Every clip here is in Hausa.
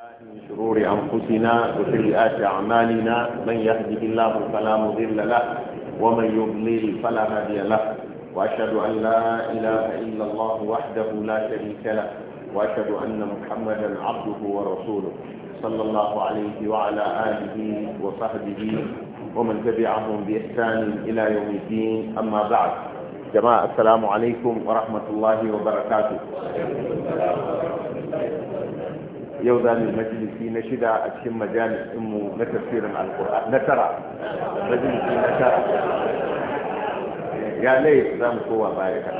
من شرور أنفسنا وسيئات أعمالنا من يهده الله فلا مضل له ومن يضلل فلا هادي له وأشهد أن لا إله إلا الله وحده لا شريك له وأشهد أن محمدا عبده ورسوله صلى الله عليه وعلى آله وصحبه ومن تبعهم بإحسان إلى يوم الدين أما بعد جماعة السلام عليكم ورحمة الله وبركاته yau za mu majalisi na shida a cikin majalis mu na tafsirin alkur'an na tara majalisi na tara ya lai za mu kowa baya kan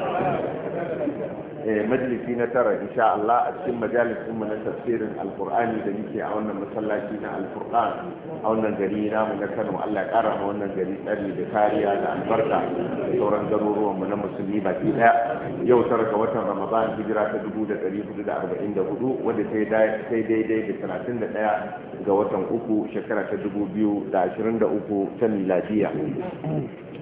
Eh, majalisi na tara insha Allah a cikin majalisin mu na tafsirin alqur'ani da muke a wannan masallaci na alqur'an a wannan gari na mu na Kano Allah ya kara mu wannan gari tsari da kariya da albarka da sauran garuruwan mu na musulmi baki daya yau tara ga watan Ramadan hijira ta 1444 wanda sai sai daidai da 31 ga watan uku shekara ta 2023 ta miladiya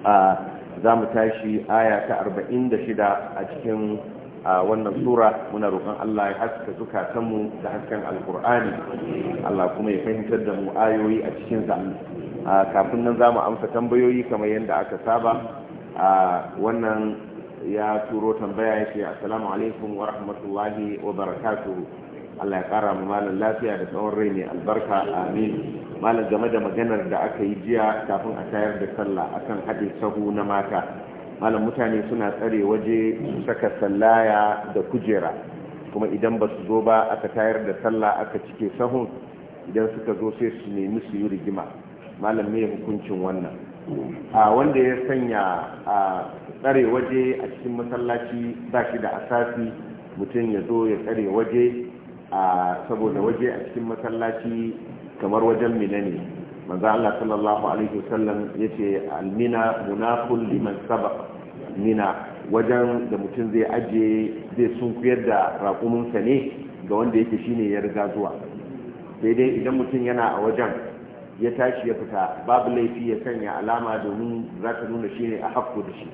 a za mu tashi aya ta 46 a cikin a wannan sura muna roƙon Allah ya haska zukatanmu da hasken alkur'ani Allah kuma ya fahimtar da mu ayoyi a cikin sa kafin nan za mu amsa tambayoyi kamar yadda aka saba wannan ya turo tambaya ya ce assalamu alaikum wa rahmatullahi wa barakatuhu Allah ya kara mu malam lafiya da tsawon rai ne, albarka amin malam game da maganar da aka yi jiya kafin a tayar da sallah akan haɗin sahu na mata malam mutane suna tsare waje su saka sallaya da kujera kuma idan ba su zo ba aka tayar da sallah aka cike sahun idan suka zo sai su nemi su yi rigima malam me hukuncin wannan a wanda ya sanya a tsare waje a cikin masallaci ba shi da asasi mutum ya zo ya tsare waje a saboda waje a cikin masallaci kamar wajen mina ne manzo Allah sallallahu alaihi wasallam yace almina munaful liman sabaq mina wajen da mutum zai aje zai sunkuyar da raƙuminsa ne ga wanda yake shine ya riga zuwa sai dai idan mutum yana a wajen ya tashi ya fita babu laifi ya sanya alama domin za ka nuna shine a hakko da shi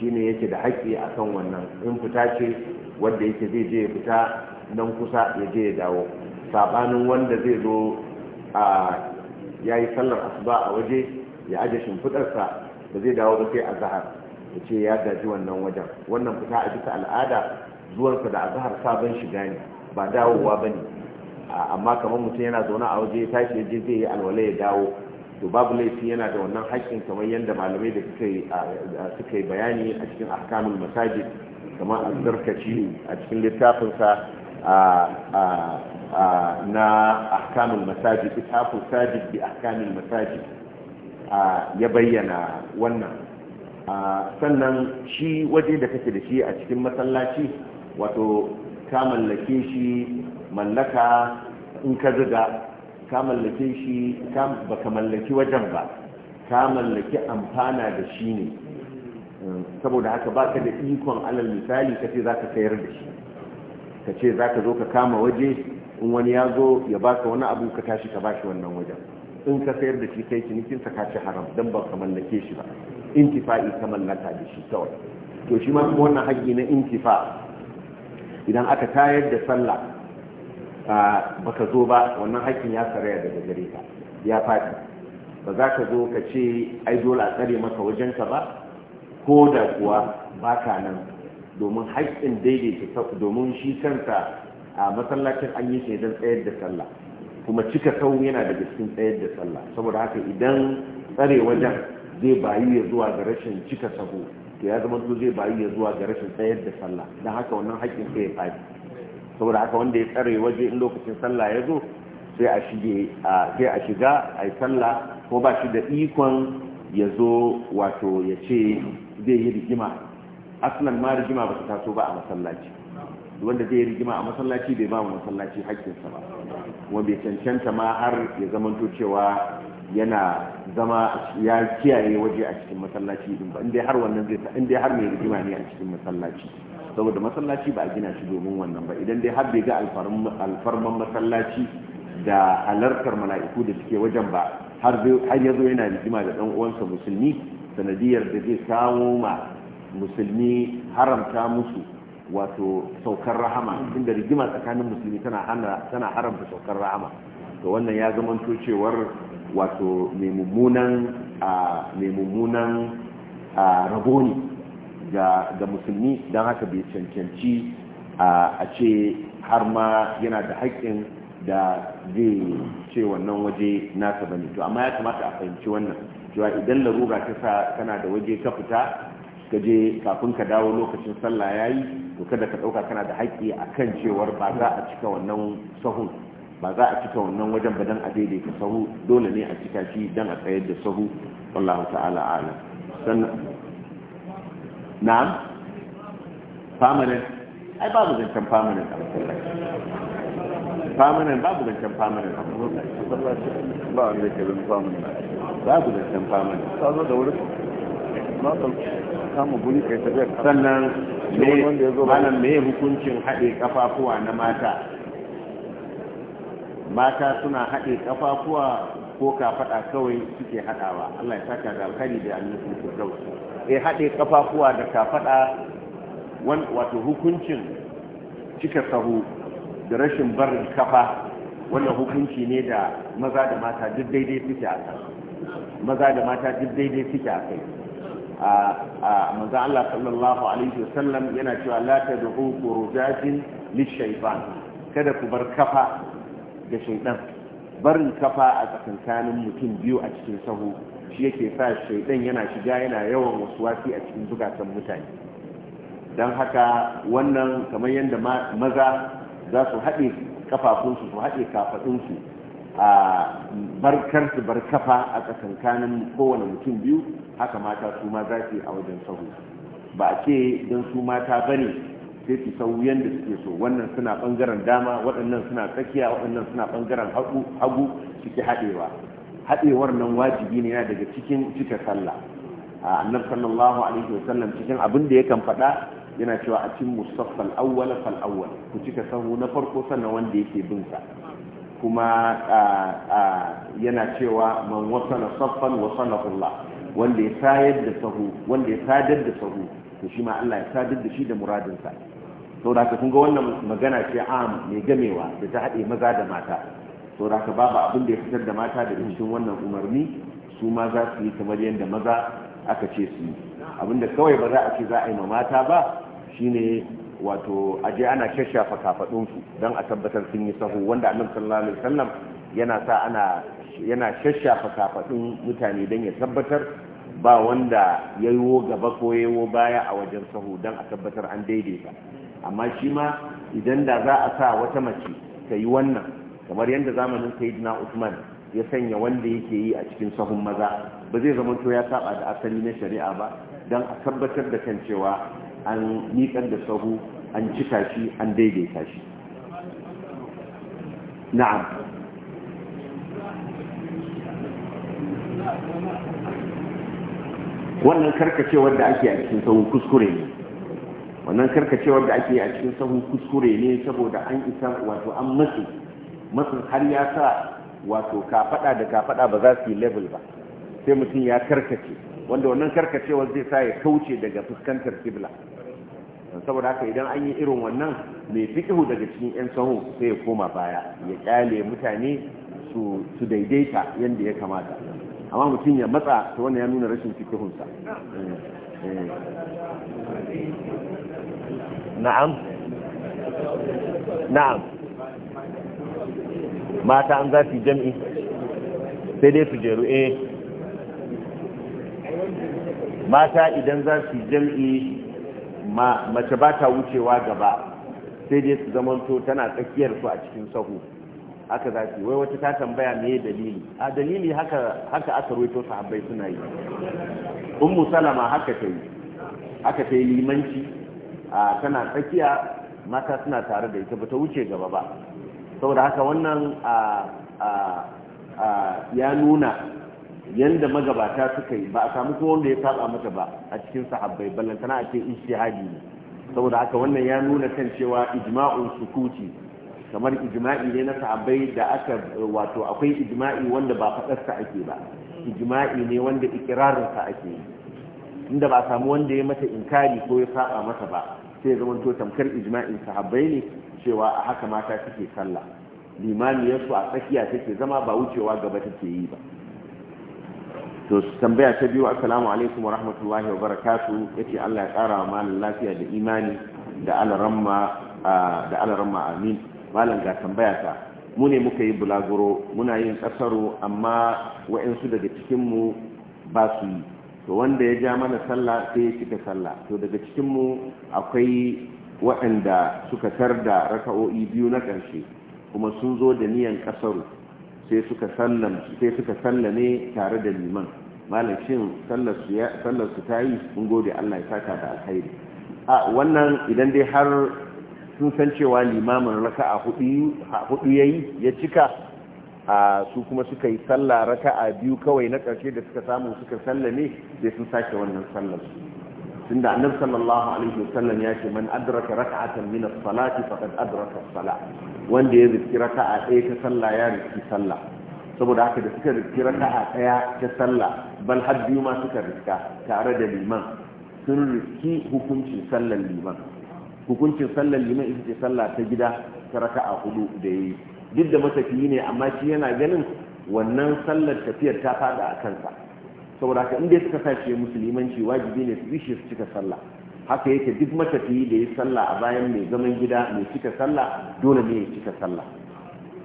shine yake da haƙƙi akan wannan in fita ce wanda yake zai je ya fita nan kusa ya je ya dawo saɓanin wanda zai zo a ya yi sallar asuba a waje ya aje shimfudarsa da zai dawo ba sai a zahar ya ce ya gaji wannan wajen wannan fita a bisa al'ada zuwansa da azahar sabon shiga ne ba dawowa ba ne amma kamar mutum yana zaune a waje ya tashi ya je zai yi alwala ya dawo to babu laifi yana da wannan haƙƙin kamar yadda malamai da suka yi bayani a cikin ahkamul masajid kamar azzarkaci a cikin littafinsa na ahkamul masajid ithaful sajid bi ahkamul masajid ya bayyana wannan sannan shi waje da kake da shi a cikin masallaci wato ka mallake shi mallaka in ka zuga ka mallake shi ba ka mallaki wajen ba ka mallaki amfana da shi ne saboda haka baka da ikon alal misali kace za ka sayar da shi ka ce za ka zo ka kama waje in wani ya zo ya baka wani abu ka tashi ka ba shi wannan wajen in ka sayar da shi kai cinikin sa ka ci haram don ba ka mallake shi ba intifa'i ka mallaka da shi kawai to shi ma kuma wannan haƙƙi na intifa idan aka tayar da sallah ka zo ba wannan haƙƙin ya saraya daga gare ka ya faɗi ba za ka zo ka ce ai dole a tsare maka wajenka ba ko da kuwa ba ka nan domin haƙƙin daidaita domin shi kanta a masallacin an yi shi tsayar da sallah kuma cika sau yana daga cikin tsayar da sallah saboda haka idan tsare wajen zai bayu ya zuwa ga rashin cika sahu to ya zama to zai bayu ya zuwa ga rashin tsayar da sallah don haka wannan haƙƙin sai ya faɗi saboda haka wanda ya tsare waje in lokacin sallah ya zo sai a sai a shiga a yi sallah ko ba shi da ikon ya zo wato ya ce zai yi rigima aslan ma rigima ba ta taso ba a masallaci wanda zai rigima a masallaci bai ba masallaci haƙƙinsa ba kuma bai cancanta ma har ya zamanto cewa yana zama ya kiyaye waje a cikin masallaci din ba inda har wannan zai sa inda har mai rigima ne a cikin masallaci saboda masallaci ba a gina shi domin wannan ba idan dai har bai ga alfarman masallaci da halartar mala'iku da suke wajen ba har ya zo yana rigima da dan uwansa musulmi sanadiyar da zai samu ma musulmi haramta musu wato saukar rahama inda rigima tsakanin musulmi tana haramta saukar rahama to wannan ya zamanto cewar wato mai mummunan rabo ne ga musulmi Dan haka bai cancanci a ce har ma yana da haƙƙin da zai ce wannan waje nasa bane to amma ya kamata a fahimci wannan cewa idan larura ta sa kana da waje ka fita ka je kafin ka dawo lokacin sallah ya yi to kada ka dauka kana da haƙƙi kan cewar ba za a cika wannan sahu ba za a cika wannan wajen ba dan a daidaita sahu dole ne a cika shi dan a tsayar da sahu wallahu ta'ala a'lam sannan na'am permanent ai babu zancen permanent a masallaci permanent babu zancen permanent ba wanda ke zan permanent babu zancen permanent ta zo da wuri samu guri kai tafiya sannan malam me hukuncin haɗe kafafuwa na mata mata suna haɗe kafafuwa ko kafaɗa kawai suke haɗawa Allah ya saka da alkhairi da annabi Firdaus eh haɗe kafafuwa da kafaɗa wato hukuncin cika sahu da rashin barin kafa wannan hukunci ne da maza da mata duk daidai suke a kai maza da mata duk daidai suke a kai a Allah sallallahu alaihi wasallam yana cewa la tad'u qurujatin lishaytan kada ku bar kafa ga shaytan barin kafa a tsakankanin mutum biyu a cikin sahu shi yake sa shaidan yana shiga yana yawan wasuwasi a cikin zukatan mutane don haka wannan kamar yadda maza za su haɗe kafafunsu su haɗe kafaɗinsu a barkar su bar kafa a tsakankanin kowane mutum biyu haka mata su ma za su yi a wajen sahu ba a ce don su mata ba ne sai su sau yadda suke so wannan suna bangaren dama waɗannan suna tsakiya waɗannan suna bangaren hagu suke haɗewa haɗewar nan wajibi ne yana daga cikin cika sallah a annar sallallahu alaihi sallam cikin abin da yakan faɗa yana cewa a cin musaffal awwal fal awwal ku cika sahu na farko sannan wanda yake bin sa kuma yana cewa man wasala saffan wasana Allah wanda ya sayar da sahu wanda ya sadar da sahu to shi ma Allah ya sadar da shi da muradinsa saboda ka kun ga wannan magana ce am mai gamewa da ta haɗe maza da mata da ka babu abin da ya fitar da mata da cikin wannan umarni su ma za su yi kamar yadda maza aka ce su yi abinda kawai ba za a ce za a yi ma mata ba shine wato aje ana shashafa kafaɗunsu don a tabbatar sun yi sahu wanda annabi sallallahu alaihi wasallam yana sa ana yana shashafa kafaɗun mutane don ya tabbatar ba wanda ya yiwo gaba ko ya yiwo baya a wajen sahu don a tabbatar an daidaita amma shi ma idan da za a sa wata mace ta yi wannan kamar yadda zamanin sayyidina usman ya sanya wanda yake yi a cikin sahun maza ba zai zama to ya saba da asali na shari'a ba don a tabbatar da kan cewa an nikan da sahu an cika shi an daidaita shi na'am wannan karkacewar da ake a cikin sahun kuskure ne wannan karkacewar da ake a cikin sahun kuskure ne saboda an isa wato an matsi matsin har ya sa wato kafada da kafada ba za su yi level ba sai mutum ya karkace wanda wannan karkacewar zai sa ya kauce daga fuskantar kibla saboda haka idan an yi irin wannan mai fikihu daga cikin 'yan sahu sai ya koma baya ya kyale mutane su daidaita yadda ya kamata amma mutum ya matsa ta wannan ya nuna rashin fikihunsa eh, eh. na'am na'am mata an za su jam'i sai dai su jeru eh mata idan za su jam'i mace ba ta wucewa gaba sai dai su zamanto tana tsakiyar su a cikin sahu haka za su wai wata ta tambaya me dalili a dalili haka haka aka ruwaito sahabbai suna yi ummu salama haka ta yi haka ta yi limanci a tana tsakiya mata suna tare da ita ba ta wuce gaba ba saboda haka wannan ya nuna yanda magabata suka yi ba a samu kuma wanda ya saba mata ba a cikin sahabbai ballantana a ce ishtihadi ne saboda haka wannan ya nuna kan cewa ijma'un sukuti kamar ijma'i ne na sahabbai da aka wato akwai ijma'i wanda ba faɗarsa ake ba ijma'i ne wanda sa ake inda ba samu wanda ya mata inkari ko ya saba masa ba sai zama to tamkar ijma'i sahabbai ne cewa a haka mata suke sallah limaniyarsu a tsakiya take zama ba wucewa gaba take yi ba to tambaya ta biyu assalamu alaikum wa rahmatullahi wa barakatu yace Allah ya kara wa malin lafiya da imani da alramma da alramma amin malam ga tambaya ta mu ne muka yi bulaguro muna yin kasaro amma wa'ansu daga cikinmu ba su yi to wanda ya ja mana sallah sai ya cika sallah to daga cikinmu akwai waɗanda suka tar da raka'o'i biyu na ƙarshe kuma sun zo da niyan kasaro sai suka sallame tare da liman malam shin sallar su ta yi mun gode allah ya saka da alkhairi a wannan idan dai har sun san cewa limamin raka'a hudu yayi ya cika a su kuma suka yi sallah raka'a biyu kawai na ƙarshe da suka samu suka sallame sai sun sake wannan sallar tun da annabi sallallahu alaihi wasallam ya ce man adraka raka'atan min as-salati faqad adraka as sala wanda ya riski raka'a ɗaya ta sallah ya riski sallah saboda haka da suka riski raka'a ɗaya ta sallah bal har biyu ma suka rika tare da liman sun riki hukuncin sallar liman hukuncin sallar liman ita ce sallah ta gida ta raka a hudu da yi duk da matafiyi ne amma shi yana ganin wannan sallar tafiyar ta fada a kansa saboda haka inda suka sace musulmanci wajibi ne su bishe su cika sallah haka yake duk matafiyi da ya sallah a bayan mai zaman gida mai cika sallah dole ne ya cika sallah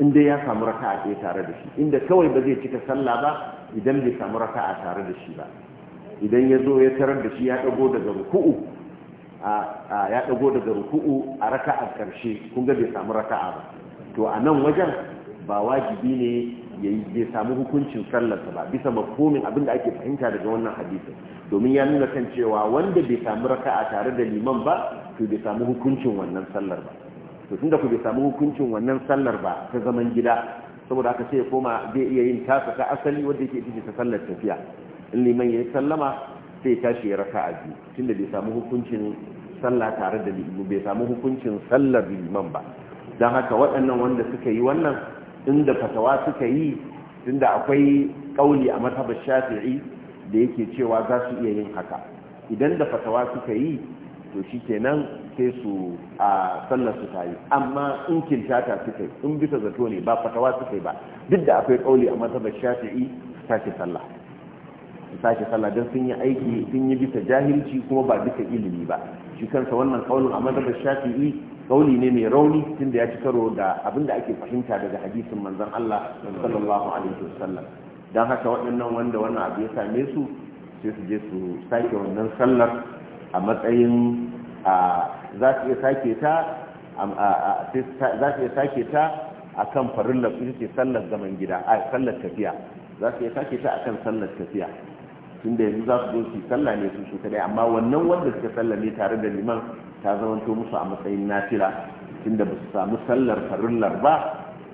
inda ya samu raka'a ɗaya tare da shi inda kawai ba zai cika sallah ba idan bai samu raka a tare da shi ba idan ya zo ya tarar da shi ya ɗago daga ruku'u ya dago daga ruku'u a raka'ar karshe kun ga bai samu raka'a ba to a nan wajen ba wajibi ne yayi bai samu hukuncin sallarsa ba bisa makomin abin da ake fahimta daga wannan hadisi domin ya nuna kan cewa wanda bai samu raka'a tare da liman ba to bai samu hukuncin wannan sallar ba to tunda ku bai samu hukuncin wannan sallar ba ta zaman gida saboda haka sai ya koma zai iya yin tasa,ka asali wanda yake ita ta sallar tafiya in liman ya sallama sai tashi ya raka a biyu tunda bai samu hukuncin sallah tare da limu bai samu hukuncin sallar liman ba don haka waɗannan wanda suka yi wannan inda fatawa suka yi tunda akwai kauli a matabar shafi'i da yake cewa za su iya yin haka idan da fatawa suka yi to shi kenan sai su a sallar su tayi amma in kintata suka yi in bisa zato ne ba fatawa suka yi ba duk da akwai kauli a matabar shafi'i su tashi sallah su sake sallah don sun yi aiki sun yi bisa jahilci kuma ba bisa ilimi ba shi kansa wannan kaulin a madadar shafi'i kauli ne mai rauni tunda ya ci karo da abin da ake fahimta daga hadisin manzon Allah sallallahu alaihi wasallam don haka waɗannan wanda wannan abu ya same su sai su je su sake wannan sallar a matsayin za su iya sake ta za su iya sake ta a kan farin lafi ce sallar zaman gida a sallar tafiya za su iya sake ta a kan sallar tafiya tunda yanzu za su zo su sallah ne su su kadai amma wannan wanda suka sallame tare da liman ta zamanto musu a matsayin nafila tunda ba su samu sallar farillar ba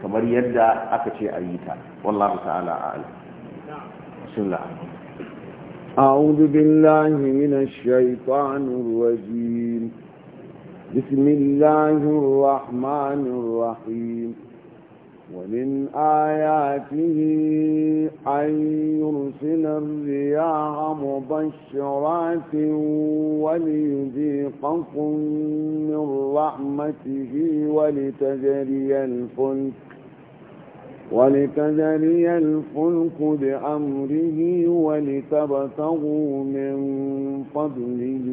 kamar yadda aka ce a yi ta wallahu ta'ala a'ala أعوذ بالله من الشيطان الرجيم بسم الله الرحمن الرحيم ومن آياته أن يرسل الرياح مبشرات وليذيقكم من رحمته ولتجري الفلك ولتجري الفلك بأمره ولتبتغوا من فضله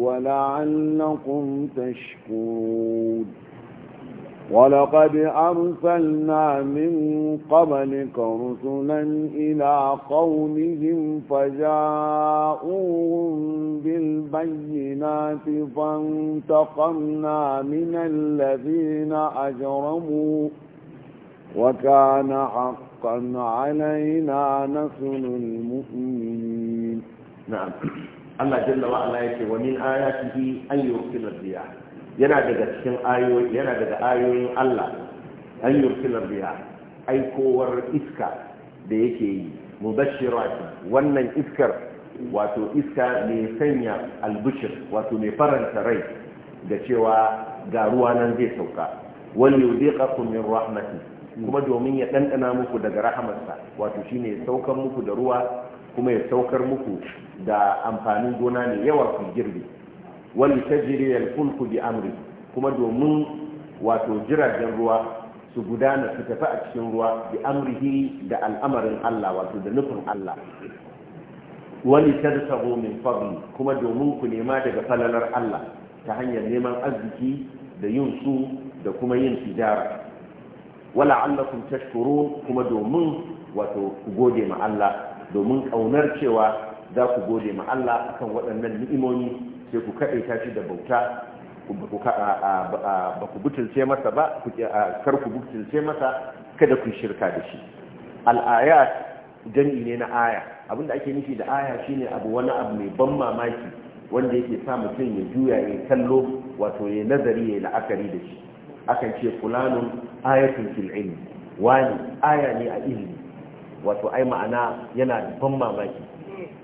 ولعلكم تشكرون ولقد أرسلنا من قبلك رسلا إلى قومهم فجاءوهم بالبينات فانتقمنا من الذين أجرموا وكان حقا علينا نسل المؤمنين نعم الله جل وعلا يقول ومن آياته أن يرسل الرياح yana daga cikin ayoyi yana daga ayoyin Allah an yursila biya aikowar iska da yake yi mubashirat wannan iskar wato iska mai sanya albushir wato mai faranta rai da cewa ga ruwa nan zai sauka wal yudhiqakum min rahmati kuma domin ya dandana muku daga rahamarsa wato shine ya saukar muku da ruwa kuma ya saukar muku da amfanin gona ne yawa ku girbi wani tajiri fulku bi amri kuma domin wato jiragen ruwa su gudana su tafi a cikin ruwa bi amrihi da al'amarin Allah wato da nufin Allah wani tarsabu min fadli kuma domin ku nema daga falalar Allah ta hanyar neman arziki da yin su da kuma yin tijara wala allakum tashkurun kuma domin wato ku gode ma Allah domin kaunar cewa za ku gode ma Allah akan waɗannan ni'imomi sai ku kaɗe ta shi da bauta ba ku butulce masa ba kar ku butulce masa kada ku shirka da shi al'ayat jami'i ne na aya abinda ake nufi da aya shine abu wani abu mai ban mamaki wanda yake sa mutum ya juya ya kallo wato ya nazari ya la'akari da shi akan ce fulanun ayatun fil ilmi wani aya ne a ilimi? wato ai ma'ana yana da ban mamaki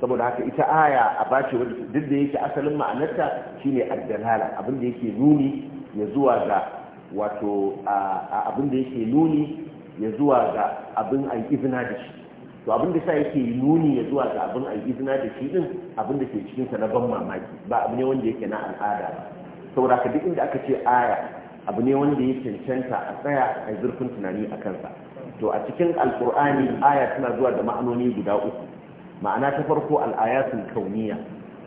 saboda haka ita aya a bace duk da yake asalin ma'anarta shine addalala abin da yake nuni ya zuwa ga wato abin da yake nuni ya zuwa ga abin an izina da shi to abin da sa yake nuni ya zuwa ga abin an izina da shi din abin da ke cikin sa na ban mamaki ba abu ne wanda yake na al'ada ba saboda haka duk inda aka ce aya abu ne wanda ya cancanta a tsaya a zurfin tunani a kansa to a cikin alkur'ani aya tana zuwa da ma'anoni guda uku ma'ana ta farko al'ayatun kauniya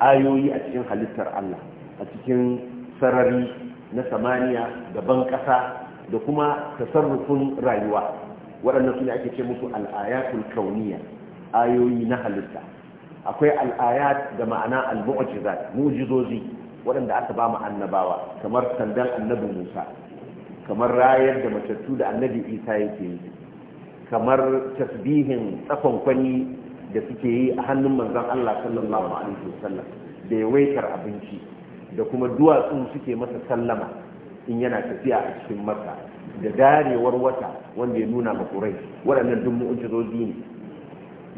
ayoyi a cikin halittar Allah a cikin sarari na samaniya da ban ƙasa da kuma tasarrufin rayuwa waɗannan su ne ake ce musu al'ayatul kauniya ayoyi na halitta akwai al'ayat da ma'ana al-mu'jizat mu'jizozi waɗanda aka ba mu annabawa kamar sandan annabi Musa kamar rayar da matattu da annabi Isa yake yi kamar tasbihin tsakon kwani da suke yi a hannun manzan Allah sallallahu alaihi wasallam da yawaitar abinci da kuma duwatsu suke masa sallama in yana tafiya a cikin masa da darewar wata wanda ya nuna ma kurai waɗannan duk mu'ujizozi ne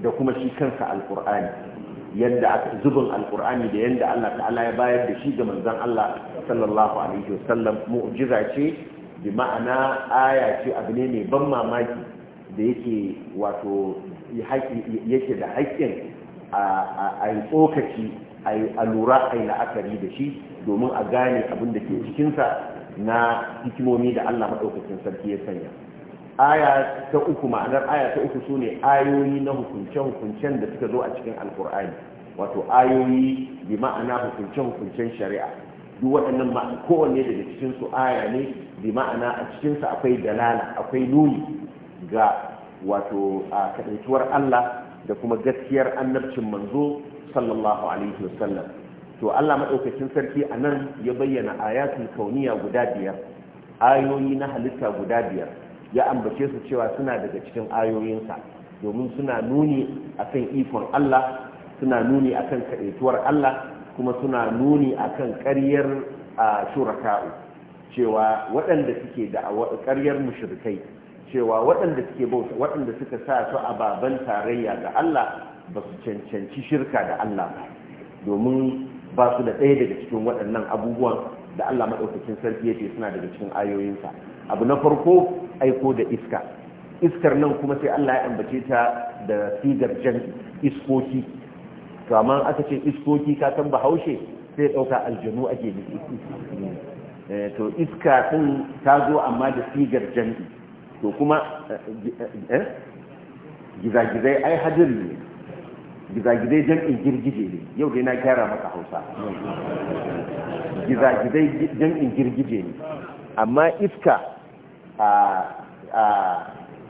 da kuma shi kansa alkur'ani yadda aka zubin alkur'ani da yadda Allah ta'ala ya bayar da shi ga manzan Allah sallallahu alaihi wasallam mu'jiza ce bi ma'ana aya ce abu ne mai ban mamaki da yake wato yake da haƙƙin a yi tsokaci a lura a yi la'akari da shi domin a gane abin da ke cikinsa na hikimomi da Allah maɗaukacin sarki ya sanya aya ta uku ma'anar aya ta uku sune ayoyi na hukunce-hukuncen da suka zo a cikin alkur'ani wato ayoyi bi ma'ana hukunce-hukuncen shari'a duk waɗannan kowanne daga cikinsu aya ne bi ma'ana a cikinsa akwai dalala akwai nuni ga wato a kadaituwar Allah da kuma gaskiyar annabcin manzo sallallahu alaihi wasallam to Allah madaukakin sarki a nan ya bayyana ayatul kauniya guda biyar ayoyi na halitta guda biyar ya ambace su cewa suna daga cikin ayoyinsa domin suna nuni akan ikon Allah suna nuni akan kaɗaituwar Allah kuma suna nuni akan ƙaryar shuraka'u cewa waɗanda suke da ƙaryar mushrikai cewa waɗanda suke bauta waɗanda suka sa su a baban tarayya da Allah ba su cancanci shirka da Allah ba domin ba su da ɗaya daga cikin waɗannan abubuwan da Allah maɗaukacin sarki yake suna daga cikin ayoyinsa abu na farko aiko da iska iskar nan kuma sai Allah ya ambace ta da sigar jan iskoki to aka ce iskoki ka san bahaushe sai ɗauka aljanu ake nufi eh, to iska sun, ta zo amma da sigar jan'i to kuma eh, gizagizai ai hajjari ne gizagizai jam'in girgije ne yau dai na gyara maka hausa gizagizai jam'in girgije ne amma iska a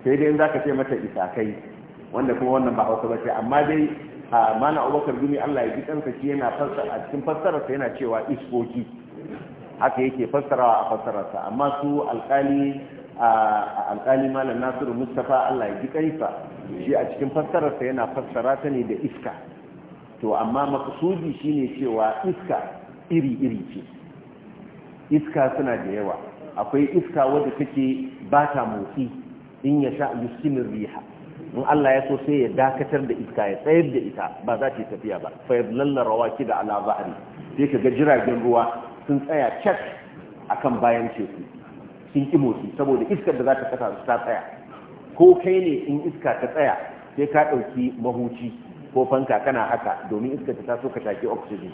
sai dai za ka ce mata isakai wanda kuma wannan ba hausa ba ce amma dai a mana abubakar gumi allah ya ji kansa shi yana fassara a cikin fassararsa yana cewa iskoki haka yake fassarawa a fassararsa amma su alkali a alƙali malam nasiru mustapha allah ya ji kaifa shi a cikin fassararsa yana fassara ta ne da iska to amma makasudi shine cewa iska iri-iri ce iska suna da yawa akwai iska wadda take ba ta motsi in ya sha yuskinin riha in Allah ya so sai ya dakatar da iska ya tsayar da ita ba za ta yi tafiya ba fa yadlalla ki da ala zahri sai kaga jiragen ruwa sun tsaya cak akan bayan teku sun ƙi motsi saboda iskar da za ta kasa ta tsaya ko kai ne in iska ta tsaya sai ka ɗauki mahuci ko fanka kana haka domin iskar ta taso ka take oxygen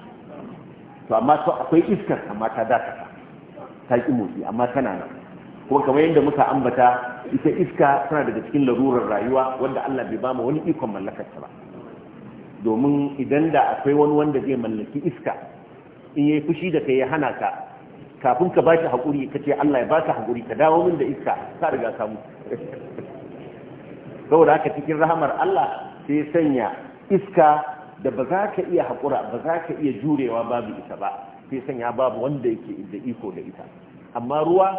to amma to akwai iskar amma ta dakata ta ƙi motsi amma tana nan kuma kamar yadda muka ambata ita iska tana daga cikin larurar rayuwa wanda Allah bai bama wani ikon mallakar ta ba domin idan da akwai wani wanda zai mallaki iska in yayi fushi da kai ya hana ka kafin ka ba shi hakuri ka ce Allah ya baka hakuri ka dawo min da iska ka riga samu saboda haka cikin rahamar Allah sai ya sanya iska da ba za ka iya haƙura ba za ka iya jurewa babu ita ba sai sanya babu wanda yake da iko da ita amma ruwa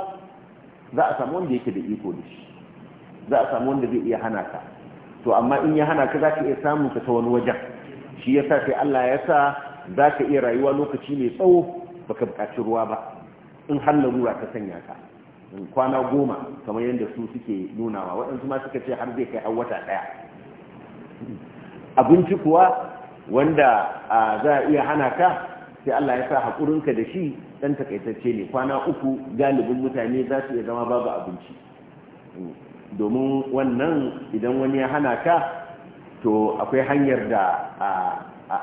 za a samu wanda yake da iko da shi za a samu wanda zai iya hana ka to amma in ya hana ka za ka iya samun ka ta wani wajen shi ya sai Allah ya sa za ka iya rayuwa lokaci mai tsawo baka buƙaci ruwa ba in har larura ta sanya ka kwana goma kamar yadda su suke nunawa waɗansu ma suka ce har zai kai an wata ɗaya abinci kuwa wanda za a iya hana ka sai Allah ya sa haƙurinka da shi ɗan takaitacce ne kwana uku galibin mutane za su iya zama babu abinci domin wannan idan wani ya hana ka to akwai hanyar da a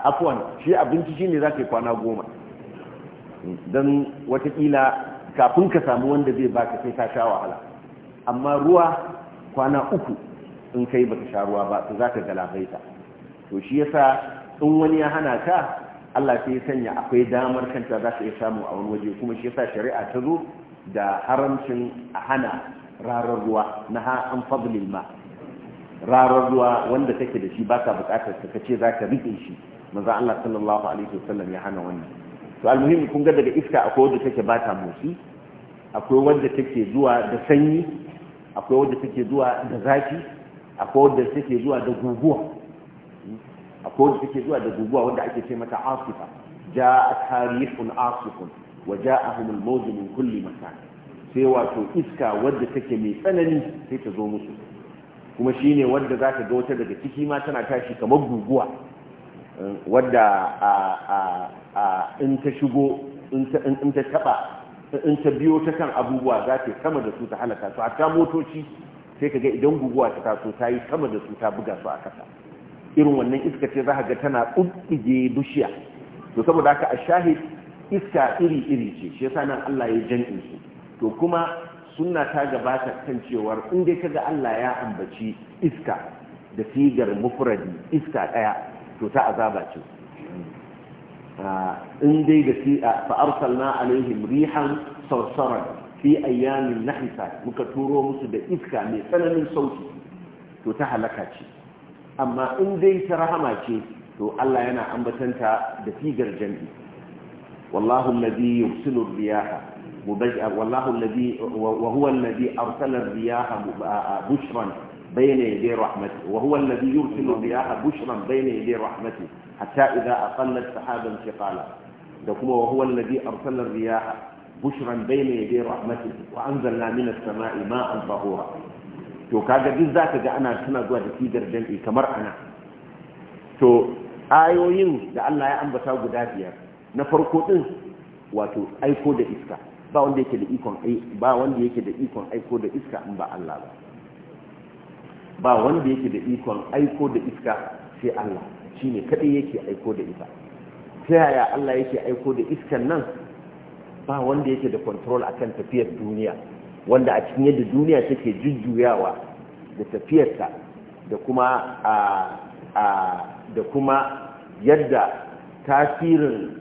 afwan shi abinci shine za ka yi kwana goma don watakila kafin ka samu wanda zai baka sai ka sha wahala amma ruwa kwana uku in kai baka sha ruwa ba za ka galabaita to shi yasa in wani ya hana ka Allah sai ya sanya akwai damar kanta za ka iya samu a wani waje kuma shi yasa shari'a ta zo da haramcin a hana rarar ruwa na ha an fadlil ma rarar ruwa wanda take da shi baka bukatar ka ce za ka rike shi manzo Allah sallallahu alaihi wasallam ya hana wannan to almuhimmi kun ga daga iska akwai wanda take ba ta motsi akwai wanda take zuwa da sanyi akwai wanda take zuwa da zafi akwai wanda take zuwa da guguwa akwai wanda take zuwa da guguwa wanda ake ce mata asifa ja'at tarihun asifun wa ja'ahum al-mawj min kulli makan sai wato iska wadda take mai tsanani sai ta zo musu kuma shine wadda zaka ga wata daga ciki ma tana tashi kamar guguwa wadda in ta shigo in ta taba in ta biyo ta kan abubuwa za ta sama da su ta halaka su ta motoci sai ka ga idan guguwa ta taso ta yi sama da su ta buga su a kasa irin wannan iska ce za ka ga tana tsubtige bishiya to saboda haka a shahid iska iri-iri ce shi yasa nan Allah ya jan su to kuma sunna ta gabata kan cewar in dai ka ga Allah ya ambaci iska da sigar mufradi iska daya to ta azaba ce ah, in dai da fi ah, fa arsalna alaihim rihan sarsara fi ayyamin nahisa muka turo musu da iska mai tsananin sauti to ta halaka ce amma in dai ta rahama ce to Allah yana ambatanta da figar jam'i wallahu alladhi yursilu riyaha mubajjir wallahu alladhi wa huwa alladhi arsala riyaha ah, bushran بين يدي رحمته وهو الذي يرسل الرياح بشرا بين يدي رحمته حتى إذا أقلت سحابا ثقالا دكما وهو الذي أرسل الرياح بشرا بين يدي رحمته وأنزلنا من السماء ماء طهورا to kaga duk zaka ga ana tana zuwa da sidar jam'i kamar ana to ayoyin da Allah ya ambata guda biyar na farko din wato aiko da iska ba wanda yake da ikon ba wanda yake da ikon aiko da iska in ba Allah ba ba wanda yake da ikon aiko da iska sai Allah Shi ne kadai yake aiko da ita ta yaya Allah yake aiko da iskan nan ba wanda yake da control kan tafiyar duniya wanda a cikin yadda duniya take jujjuyawa da tafiyarta da kuma da kuma yadda tasirin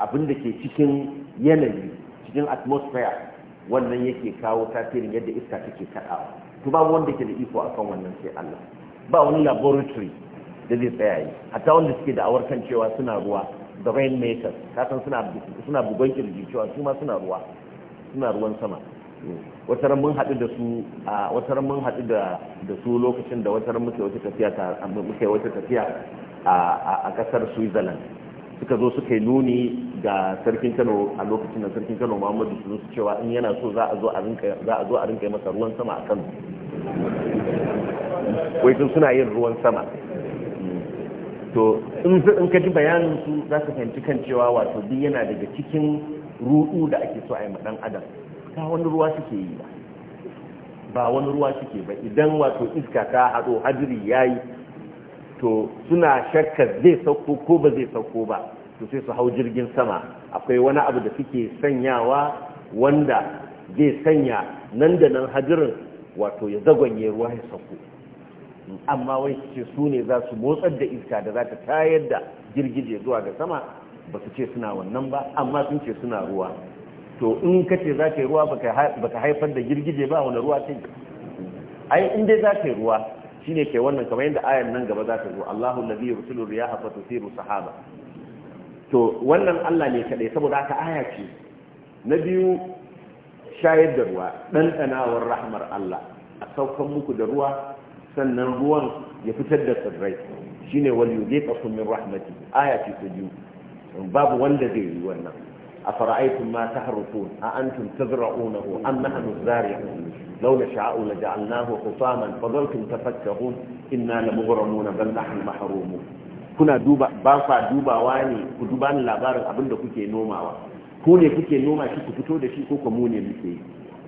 abin da ke cikin yanayi cikin atmosphere wannan yake kawo tasirin yadda iska take kaɗawa to ba wanda ke da iko akan wannan sai Allah ba wani laboratory da zai tsaya yi a ta wanda suke da awar kan cewa suna ruwa the rain makers kasan suna suna bugon kirji cewa su ma suna ruwa suna ruwan sama wata ran mun haɗu da su a wata ran mun haɗu da da su lokacin da wata ran muke wata tafiya ta muke wata tafiya a a kasar Switzerland suka zo suka yi nuni ga sarkin kano a lokacin da sarkin kano muhammadu su cewa in yana so za a zo a rinka masa ruwan sama a kano wajen suna yin ruwan sama to in ka ji bayanin su za ka fahimci kan cewa wato duk yana daga cikin rudu da ake so a yi dan adam ta wani ruwa suke yi ba wani ruwa suke ba idan wato iska ta haɗo hadiri ya yi to suna shakka zai sauko ko ba zai sauko ba su sai su hau jirgin sama akwai wani abu da suke sanyawa wanda zai sanya nan da nan hadirin wato ya zagonye ruwa ya sauko amma wai su ce su ne za su motsar da iska da za ta tayar da girgije zuwa ga sama ba su ce suna wannan ba amma sun ce suna ruwa to in ka ce za ka yi ruwa ba ka haifar da girgije ba wani ruwa ce ai in dai za ka yi ruwa shine ke wannan kamar yadda ayan nan gaba za ta zo Allahu nabi yursilu riyaha fa tusiru sahaba to wannan Allah ne kaɗai saboda aka aya na biyu shayar da ruwa ɗanɗanawar rahmar Allah a saukan muku da ruwa sannan ruwan ya fitar da tsirrai shine ne wani yuge ƙasun min rahmati aya ce ta biyu babu wanda zai yi wannan a fara'aikun ma ta harufu a an ta zira unahu an na hannun zari launa sha'a'u na ja'al na hukusa man fazaltun ta fakka hun inna na muhuramu na zan na hannun maharomu kuna duba ba dubawa ne ku duba ni labarin abin da kuke nomawa ko ne kuke noma shi ku fito da shi ko kuma mune muke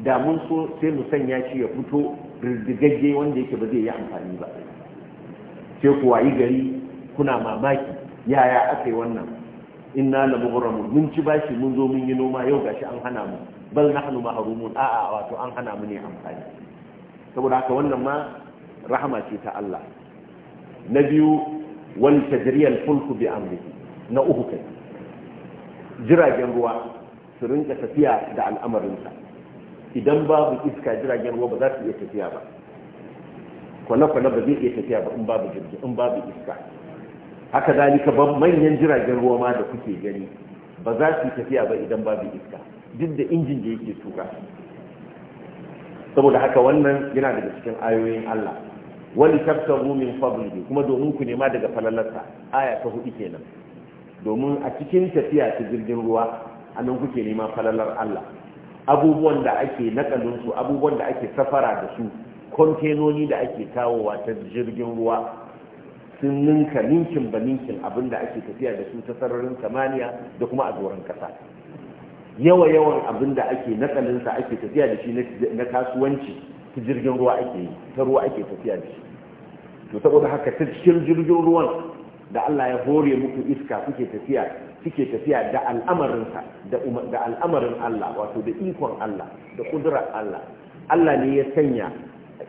da mun so sai mu sanya shi ya fito rigagge wanda yake ba zai yi amfani ba sai ku wayi gari kuna mamaki yaya aka wannan inna la mughramun mun ci bashi mun zo mun yi noma yau gashi an hana mu bal nahnu mahrumun a'a wato an hana mu ne amfani saboda haka wannan ma rahama ce ta Allah na biyu wal tajriyal fulku bi amrihi na uku kai jiragen ruwa su rinka tafiya da al'amarinsa idan babu iska jiragen ruwa ba za su iya tafiya ba kwane ba zai iya tafiya ba in babu jirgi in babu iska haka zalika ba manyan jiragen ruwa ma da kuke gani ba za su tafiya ba idan babu iska duk da injin da yake tuka saboda haka wannan yana daga cikin ayoyin Allah wani tabtaru min fadlihi kuma domin ku nema daga falalarsa aya ta hudu kenan domin a cikin tafiya ta jirgin ruwa a nan kuke nema falalar Allah abubuwan da ake nakalin abubuwan da ake safara da su kontenoni da ake kawowa ta jirgin ruwa sun ninka ninkin ba ninkin abin da ake tafiya da su ta sararin samaniya da kuma a doron kasa yawa yawan abin da ake nakalinsa ake tafiya da shi na kasuwanci ta jirgin ruwa ake yi ta ruwa ake tafiya da shi to saboda haka ta cikin jirgin ruwan da Allah ya hore muku iska kuke tafiya suke tafiya da al'amarinsa da al'amarin Allah wato da ikon Allah da kudura Allah Allah ne ya sanya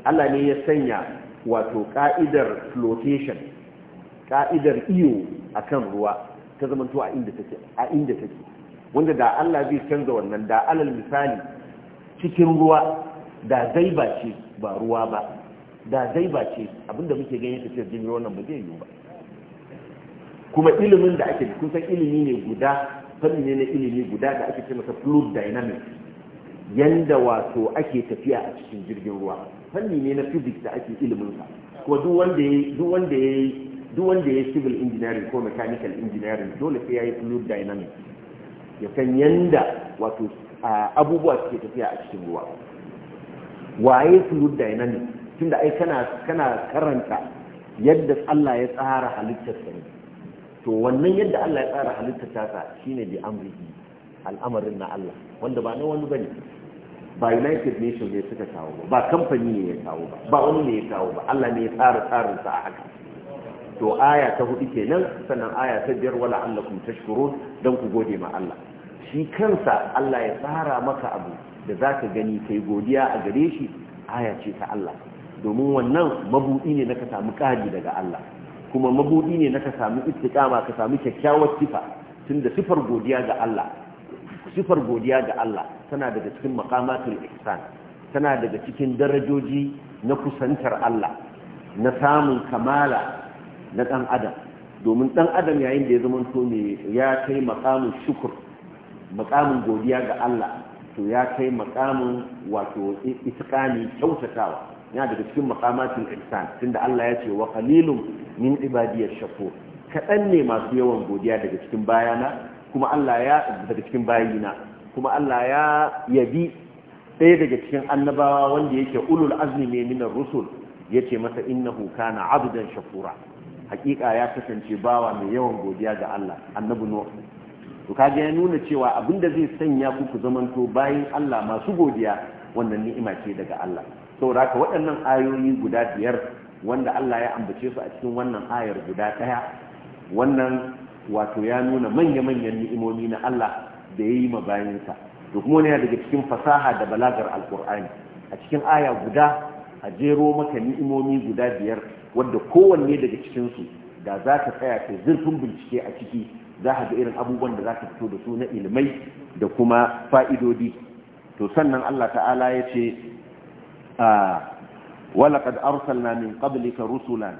Allah ne ya sanya wato ka'idar flotation ka'idar iyo akan ruwa ta to a inda take a inda take wanda da Allah zai canza wannan da alal misali cikin ruwa da ba ce ba ruwa ba da ba ce abinda muke ganin tafiyar jirgin wannan ba zai yiwu ba kuma ilimin da ake kun san ilimi ne guda fannin ne na ilimi guda da ake ce masa fluid dynamics yanda wato ake tafiya a cikin jirgin ruwa fanni ne na physics da ake ilimin sa kuma duk wanda ya duk wanda ya duk wanda ya civil engineering ko mechanical engineering dole sai yayi fluid dynamics ya san yanda wato abubuwa suke tafiya a cikin ruwa waye fluid dynamics tunda ai kana kana karanta yadda Allah ya tsara halittar sa to wannan yadda Allah ya tsara halittar ta shine bi amrihi al'amarin na Allah wanda ba na wani bane ba United Nations ne suka kawo ba ba kamfani ne ya kawo ba ba wani ne ya kawo ba Allah ne ya tsara tsarin sa a haka to aya ta hudu kenan sannan aya ta biyar wala allakum tashkurun dan ku gode ma Allah shi kansa Allah ya tsara maka abu da za ka gani ka yi godiya a gare shi aya ce ta Allah domin wannan mabuɗi ne na ka samu ƙari daga Allah kuma mabuɗi ne na ka samu istiƙama ka samu kyakkyawar sifa tunda sifar godiya ga Allah sifar godiya ga Allah tana daga cikin maqamatul ihsan tana daga cikin darajoji na kusantar Allah na samun kamala na ɗan adam domin ɗan adam yayin da ya zama to ne ya kai makamin shukur makamin godiya ga Allah wato ya kai makamin wato itikani kyautatawa ya daga cikin makamatin ihsan tunda Allah ya ce wa qalilum min ibadiyash shakur kadan ne masu yawan godiya daga cikin bayana kuma Allah ya daga cikin bayina kuma Allah ya yabi ɗaya daga cikin annabawa wanda yake ulul azmi ne min rusul yace masa innahu kana abdan shakura hakika ya kasance bawa mai yawan godiya ga Allah annabi Nuh to kaga ya nuna cewa abinda zai sanya ku ku zamanto bayan Allah masu godiya wannan ni'ima ce daga Allah saboda waɗannan ayoyi guda biyar wanda Allah ya ambace su a cikin wannan ayar guda ɗaya wannan wato ya nuna manya-manyan ni'imomi na Allah da ya yi ma bayansa to kuma ne daga cikin fasaha da balagar alkur'ani a cikin aya guda a jero maka ni'imomi guda biyar wanda kowanne daga cikinsu da za ka tsaya ta zurfin bincike a ciki za ga irin abubuwan da za ka fito da su na ilmai da kuma fa'idodi to sannan Allah ta'ala ya ce walaƙad arsalna min qablika rusulan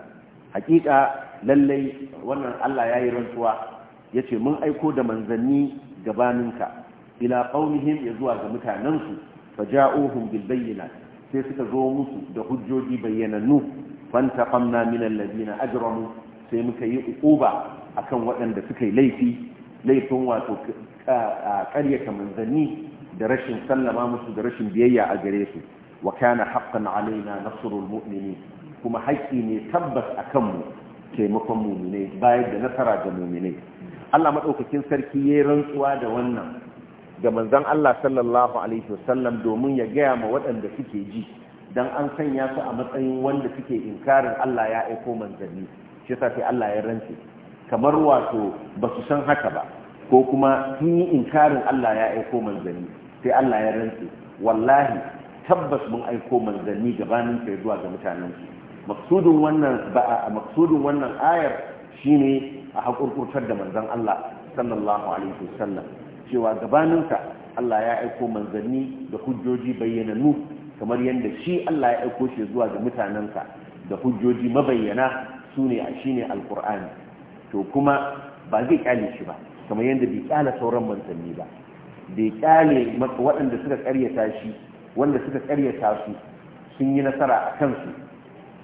hakika lallai wannan Allah ya yi rantsuwa ya ce mun aiko da manzanni gabaninka ila ƙaunihim ya zuwa ga mutanensu fa ja'uhum bil sai suka zo musu da hujjoji bayyanannu fantaqamna min alladhina ajramu sai muka yi a kan waɗanda suka yi laifi laifin wato ƙaryata manzanni da rashin sallama musu da rashin biyayya a gare su wa kana haƙƙan alaina nasrul mu'mini kuma haƙƙi ne tabbas akan mu taimakon mu'minai bayan da nasara ga mu'minai Allah maɗaukakin sarki yayin rantsuwa da wannan ga manzon Allah sallallahu alaihi wasallam domin ya gaya ma waɗanda suke ji dan an sanya su a matsayin wanda suke inkarin Allah ya aiko manzanni shi yasa sai Allah ya rantse kamar wato ba su san haka ba ko kuma sun yi inkarin Allah ya aiko manzanni sai Allah ya rantse wallahi tabbas mun aiko manzanni gabanin kai zuwa ga mutanen su maksudin wannan ba maksudin wannan ayar shine a hakurkurtar da manzon Allah sallallahu alaihi wasallam cewa gabanin ka Allah ya aiko manzanni da hujjoji bayyana bayyananu kamar yadda shi Allah ya aiko shi zuwa ga mutanen ka da hujjoji mabayyana su ne shi ne alkur'ani to kuma ba zai kyale shi ba kamar yadda bai kyale sauran manzanni ba bai kyale waɗanda suka karyata shi wanda suka karyata su sun yi nasara a kansu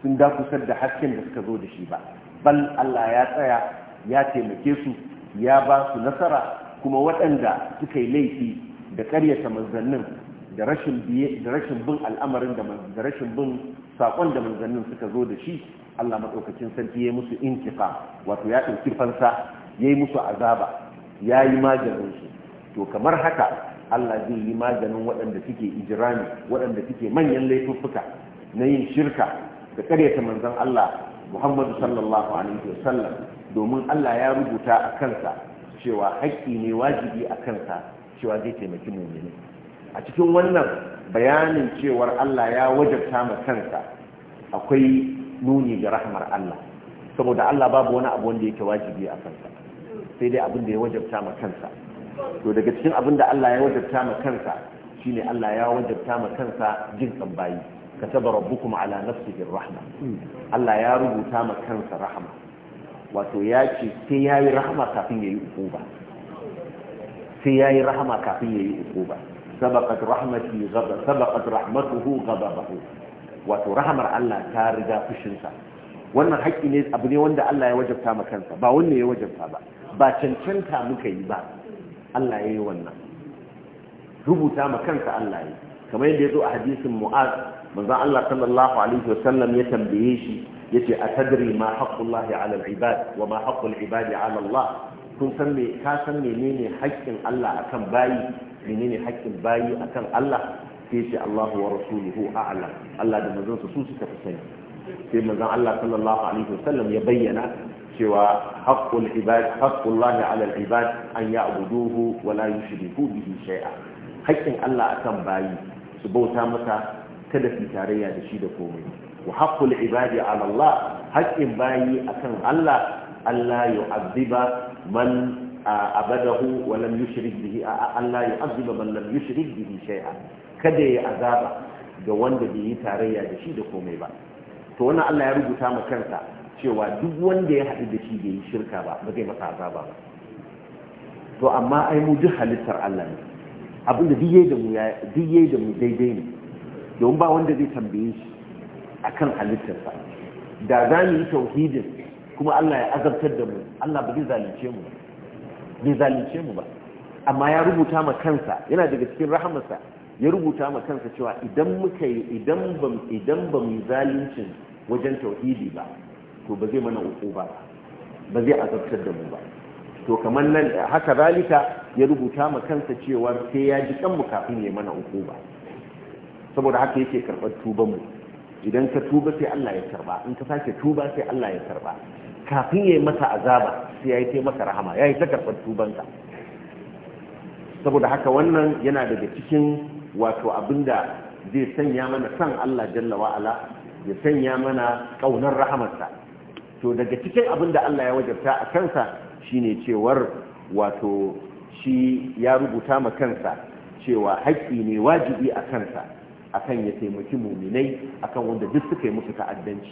sun dakusar da hasken da suka zo da shi ba bal Allah ya tsaya ya taimake su ya ba su nasara kuma waɗanda suka yi laifi da karyata manzannin da rashin bin al'amarin da rashin bin saƙon da manzannin suka zo da shi Allah madaukakin sarki ya musu intiqa wato ya ɗauki fansa ya yi musu azaba ya yi maganin su to kamar haka Allah zai yi maganin waɗanda suke ijirani waɗanda suke manyan laifuffuka na yin shirka da karyata manzon Allah Muhammadu sallallahu alaihi wasallam domin Allah ya rubuta a kansa cewa haƙƙi ne wajibi a kansa cewa zai taimaki mumini a cikin wannan bayanin cewar Allah ya wajabta ma kansa akwai nuni ga rahmar Allah saboda Allah babu wani abu wanda yake wajibi a kansa sai dai abin da ya wajabta ma kansa to daga cikin abin da Allah ya wajabta ma kansa shine Allah ya wajabta ma kansa jin kan bayi kataba rabbukum ala nafsihi rahma Allah ya rubuta ma kansa rahma wato ya ce sai yayi rahma kafin yayi ukuba sai yayi rahma kafin yayi ukuba sabaqat rahmati ghadab sabaqat rahmatuhu ghadabahu wato rahamar Allah ta riga fushinsa wannan haƙƙi ne abu ne wanda Allah ya wajabta makansa ba wanne ya wajabta ba ba cancanta muka yi ba Allah ya yi wannan rubuta makansa Allah ya kamar yadda ya zo a hadisin Mu'az manzon Allah sallallahu alaihi ya tambaye shi yace atadri ma haqqullahi ala al-ibad wa ma haqqul ibadi ala Allah kun san me ka san menene haƙƙin Allah akan bayi menene haƙƙin bayi akan Allah sai shi Allah wa rasuluhu a'lam Allah da manzon su suka fi sani sai manzon Allah sallallahu alaihi wasallam ya bayyana cewa haqqul ibad haqqullahi 'ala al-ibad an ya'buduhu wa la yushriku bihi shay'a haƙƙin Allah akan bayi su bauta masa kada su tarayya da shi da komai wa haqqul ibadi 'ala Allah haƙƙin bayi akan Allah Allah yu'adhiba man abadahu wa lam yushrik bihi Allah yu'adhiba man lam yushrik bihi shay'a kada ya azaba ga wanda bai yi tarayya da shi da komai ba to wannan Allah ya rubuta ma kansa cewa duk wanda ya haɗu da shi bai yi shirka ba ba zai masa azaba ba to amma ai mu duk halittar Allah ne abin da yayi da mu duk yayi da mu daidai ne don ba wanda zai tambaye shi akan halittar sa da za mu yi tauhidin kuma Allah ya azabtar da mu Allah ba zai zalunce mu ba zai zalunce mu ba amma ya rubuta ma kansa yana daga cikin rahamarsa ya rubuta ma kansa cewa idan muka yi idan ba idan ba mu zalincin wajen tauhidi ba to ba zai mana uku ba ba zai azabtar da mu ba to kamar nan haka zalika ya rubuta ma kansa cewa sai ya ji kanmu kafin ya mana uku ba saboda haka yake karɓar tuban mu idan ka tuba sai Allah ya karba in ka sake tuba sai Allah ya karba kafin ya yi masa azaba sai ya yi ta masa rahama ya yi ta karɓar tubanka saboda haka wannan yana daga cikin wato abinda zai sanya mana san Allah jalla wa'ala ya sanya mana ƙaunar rahamarsa to daga cikin abinda Allah ya wajabta a kansa shine cewar wato shi ya rubuta ma kansa cewa haƙƙi ne wajibi a kansa akan ya taimaki muminai akan wanda duk suka yi musu ta'addanci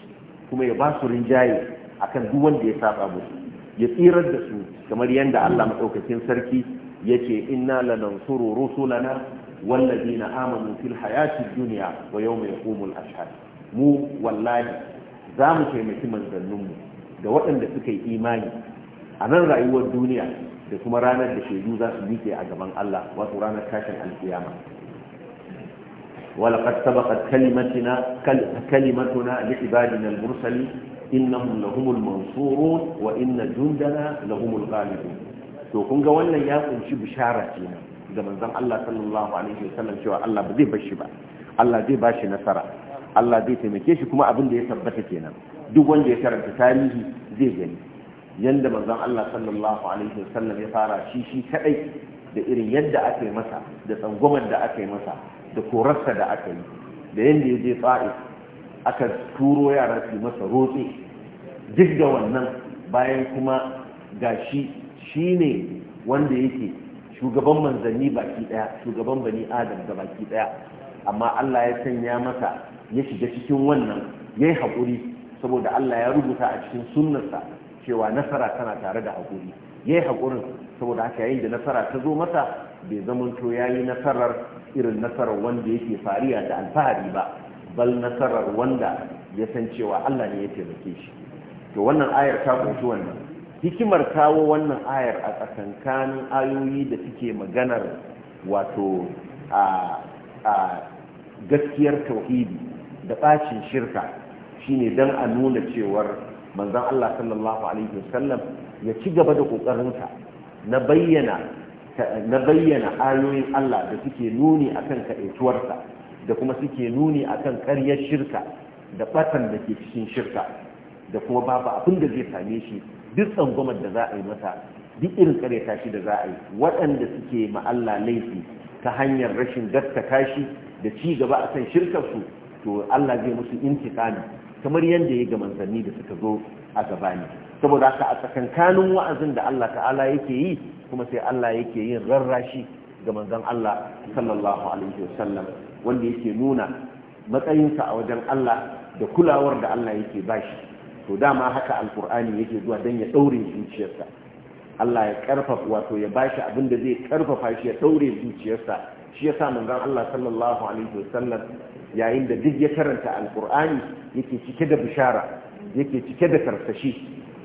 kuma ya ba su rinjaye akan duk wanda ya saba musu ya tsirar da su kamar yadda Allah madaukakin sarki yake inna lanansuru rusulana والذين آمنوا في الحياة الدنيا ويوم يقوم الأشهاد مو والله زام شيء مكمن ذنم da waɗanda suka yi imani a nan rayuwar duniya da kuma ranar da shaidu za su miƙe a gaban Allah wato ranar tashin alkiyama ولقد سبقت كلمتنا كلمتنا لعبادنا mursali innahum lahumul mansurun wa inna jundana lahumul ghalibun to kun ga wannan ya kunshi bishara kenan ga manzon Allah sallallahu alaihi wasallam cewa Allah ba zai bar shi ba Allah zai ba shi nasara Allah zai taimake shi kuma abin da ya tabbata kenan duk wanda ya karanta tarihi zai gani yanda manzon Allah sallallahu alaihi wasallam ya fara shi shi kadai da irin yadda aka masa da tsangwamar da aka masa da korarsa da aka yi da yadda ya je tsari aka turo yara su masa rotsi duk da wannan bayan kuma ga shi shi ne wanda yake shugaban manzanni baki daya shugaban bani adam da baki daya amma Allah ya sanya masa ya shiga cikin wannan ya yi haƙuri saboda Allah ya rubuta a cikin sunnarsa cewa nasara tana tare da hakuri ya yi haƙurin saboda haka yayin da nasara ta zo masa bai zamanto ya yi nasarar irin nasarar wanda yake fariya da alfahari ba bal nasarar wanda ya san cewa Allah ne ya taimake shi to wannan ayar ta ƙunshi wannan hikimar kawo wannan ayar a tsakankanin ayoyi da suke maganar wato a gaskiyar tauhidi da ɓacin shirka shine don a nuna cewar manzon Allah sallallahu alaihi wasallam ya ci gaba da ƙoƙarinsa na bayyana ayoyin Allah da suke nuni akan kaɗaituwarsa da kuma suke nuni akan karyar shirka da ɓatan da ke cikin shirka da kuma babu abin da zai same shi duk tsangwamar da za a yi masa duk irin karyata shi da za a yi waɗanda suke ma'alla laifi ta hanyar rashin gaskata shi da ci gaba a kan shirkarsu to Allah zai musu intikami kamar yadda ya ga manzanni da suka zo a gabani saboda haka a tsakankanin wa'azin da Allah ta'ala yake yi kuma sai Allah yake yin rarrashi ga manzon Allah sallallahu alaihi wasallam wanda yake nuna matsayinsa a wajen Allah da kulawar da Allah yake bashi to dama haka alkur'ani yake zuwa don ya daure zuciyarsa Allah ya karfafa wato ya bashi abin da zai karfafa shi ya ɗaure zuciyarsa shi yasa manzon Allah sallallahu alaihi wasallam yayin da duk ya karanta alkur'ani yake cike da bishara yake cike da karsashi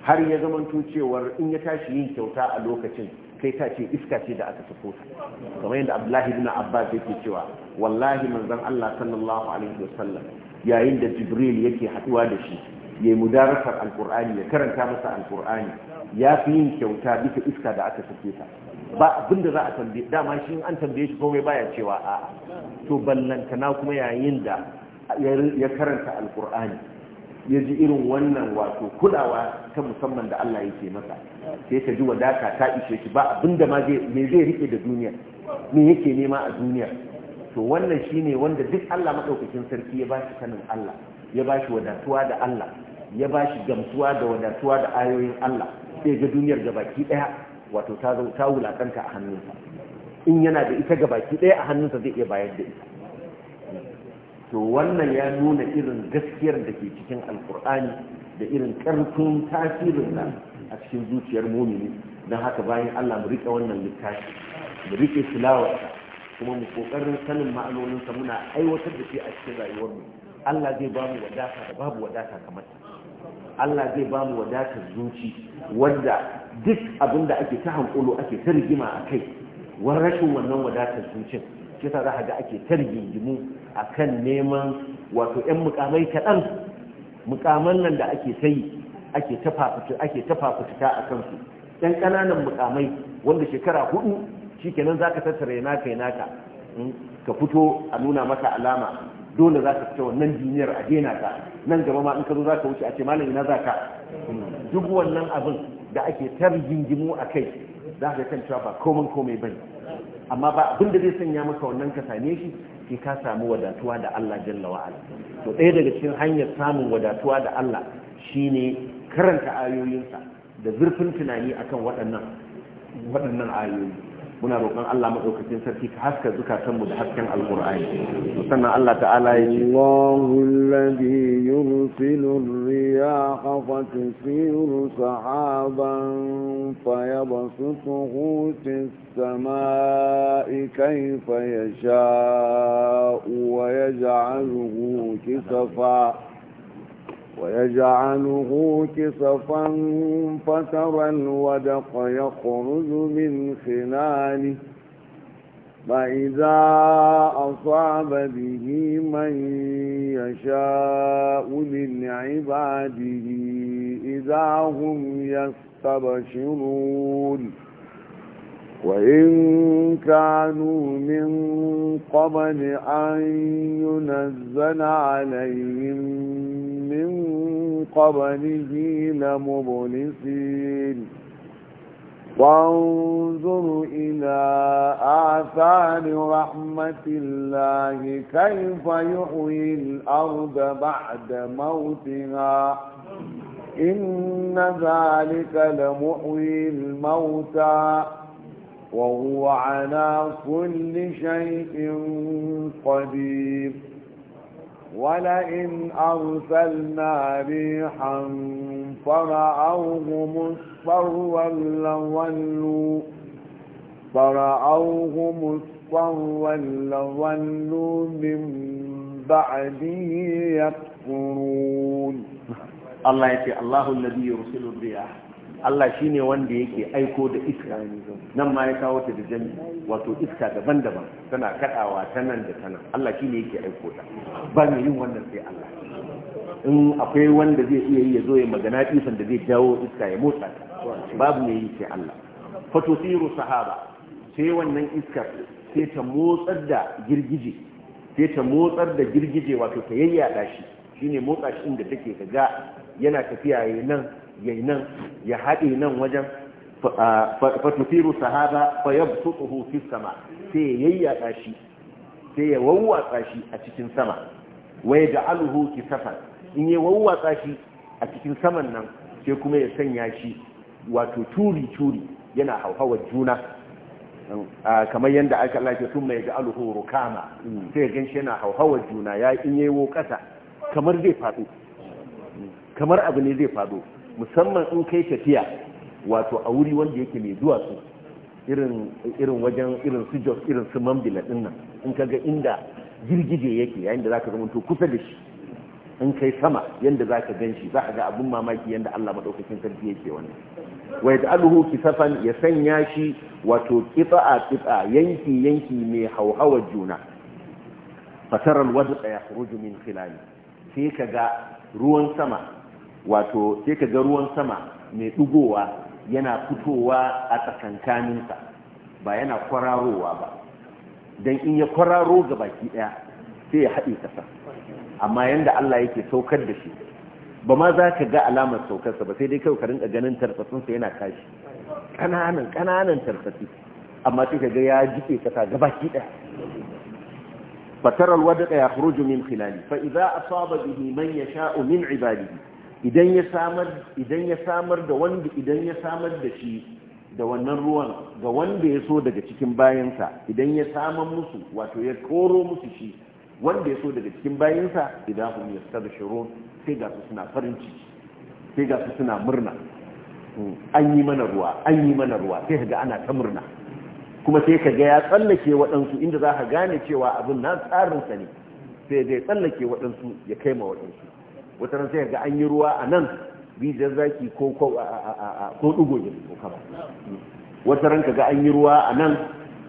har ya zamanto cewar in ya tashi yin kyauta a lokacin kai ta ce iska ce da aka sako ta kamar yadda abdullahi bin abbas yake cewa wallahi manzon Allah sallallahu alaihi wasallam yayin da jibril yake haduwa da shi ya yi mudarasar alkur'ani ya karanta masa alkur'ani ya fi yin kyauta bisa iska da aka sake ta ba abin za a tambaye dama shi an tambaye shi komai baya cewa a to na kuma yayin da ya karanta alkur'ani ya ji irin wannan wato kulawa ta musamman da Allah yake masa sai ka ji wadaka ta ishe shi ba abin da ma me zai rike da duniya me yake nema a duniya to wannan shine wanda duk Allah madaukakin sarki ya ba shi sanin Allah ya ba shi wadatuwa da Allah ya ba shi gamsuwa da wadatuwa da ayoyin Allah sai ga duniyar gabaki daya wato ta zo wulakanta a hannunsa in yana da ita gabaki ɗaya a hannunsa zai iya bayar da ita to wannan ya nuna irin gaskiyar da ke cikin alkur'ani da irin karfin nan, a cikin zuciyar mumini don haka bayan Allah mu rike wannan littafi mu rike tilawarsa kuma mu ƙoƙarin sanin ma'anoninsa muna aiwatar da shi a cikin rayuwarmu Allah zai ba mu wadata da babu wadata kamar ta Allah zai ba mu wadatar zuci wanda duk abin da ake ta hankulu ake ta rigima a kai wani rashin wannan wadatar zuci shi sa za ga ake ta rigingimu a kan neman wato 'yan mukamai kaɗan mukaman nan da ake ta yi ake ta fafutuka a kansu 'yan ƙananan mukamai wanda shekara hudu shi kenan za ka tattara yana naka naka hmm, ka fito a nuna maka alama dole za ka fita wannan duniyar a daina ta nan gaba ma in ka zo za ka wuce a ce malam ina za ka duk wannan abin da ake tar jingimu a kai za ka kan cewa ba komai komai ba amma ba abin da zai sanya maka wannan ka same shi ke ka samu wadatuwa da Allah jalla wa ala to ɗaya daga cikin hanyar samun wadatuwa da Allah shine karanta ayoyinsa da zurfin tunani akan waɗannan waɗannan ayoyi muna roƙon Allah maɗaukakin sarki ka haska zukatanmu da hasken alƙur'ani sannan Allah ta'ala ya ce Allahu alladhi yursilu ar-riyaha fatusiru sahaban fayabsutuhu fis samai kayfa yasha'u wa yaj'aluhu kisafa ويجعله كسفا فترى الودق يخرج من خلاله فإذا أصاب به من يشاء من عباده إذا هم يستبشرون وإن كانوا من قبل أن ينزل عليهم من قبله لمبلسين وانظر إلى آثار رحمة الله كيف يحيي الأرض بعد موتها إن ذلك لمحيي الموتى وهو على كل شيء قدير ولئن أرسلنا ريحا فرأوه مصفرا لولوا فرأوه مصفرا لولوا من بعده يكفرون الله يتي الله الذي يرسل الرياح Allah shi ne wanda yake aiko da iska nan ma ya kawo ta da jami wato iska daban-daban tana kadawa ta nan da ta Allah shi ne yake aiko ta ba mai yin wannan sai Allah in akwai wanda zai iya yi ya zo ya magana isan da zai jawo iska ya motsa ta babu mai yi sai Allah fatosiru sahaba sai wannan iskar sai ta motsar da girgije sai ta motsar da girgije wato ta yayyada shi shine motsa shi inda take ka ga yana tafiya nan yayi nan ya haɗe nan wajen fatufiru sahaba fa yabsutuhu fi sama sai ya yayyaka shi sai ya wawwatsa shi a cikin sama aluhu ki safar in ya wawwatsa shi a cikin saman nan sai kuma ya sanya shi wato turi turi yana hauhawar juna kamar yadda aka lafi sun mai aluhu rukama sai ya ganshi yana hauhawar juna ya in yayi wo kasa kamar zai faɗo kamar abu ne zai faɗo musamman in kai tafiya wato a wuri wanda yake mai zuwa su irin wajen irin su jos irin su mambila din nan in ka ga inda girgije yake yayin da zaka zamanto kusa da shi in kai sama yanda zaka gan shi za a ga abin mamaki yanda Allah madaukakin sarki yake wannan wa yaj'aluhu kisafan ya sanya shi wato a kifa yanki yanki mai hauhawar juna fasarar wadda ya khuruju min khilali sai ka ga ruwan sama wato sai ka ga ruwan sama mai dugowa yana fitowa a tsakankaninsa ba yana kwararowa ba don in ya kwararo ga baki daya sai ya haɗe ƙasa amma yadda Allah yake saukar da shi ba ma za ka ga alamar saukarsa ba sai dai kawai ka rinka ganin tarfatsinsa yana tashi ƙananan ƙananan tarfatsi amma sai ka ga ya jike ƙasa ga baki ɗaya fatar alwada ya khruju min khilali fa a asaba bihi man yasha'u min ibadihi idan ya samar idan ya samar da wanda idan ya samar da shi da wannan ruwan ga wanda ya so daga cikin bayansa idan ya samar musu wato ya koro musu shi wanda ya so daga cikin bayansa idan ya hum shiro sai ga su suna farin ciki sai ga su suna murna hmm. an yi mana ruwa an yi mana ruwa sai ga ana ta murna kuma sai ka ga ya tsallake waɗansu inda za ka gane cewa abin na tsarinsa ne sai dai tsallake waɗansu ya kai ma waɗansu wata ran sai ga an yi ruwa a nan da zaki ko ko dugo ne ko kama wata ran ga an yi ruwa a nan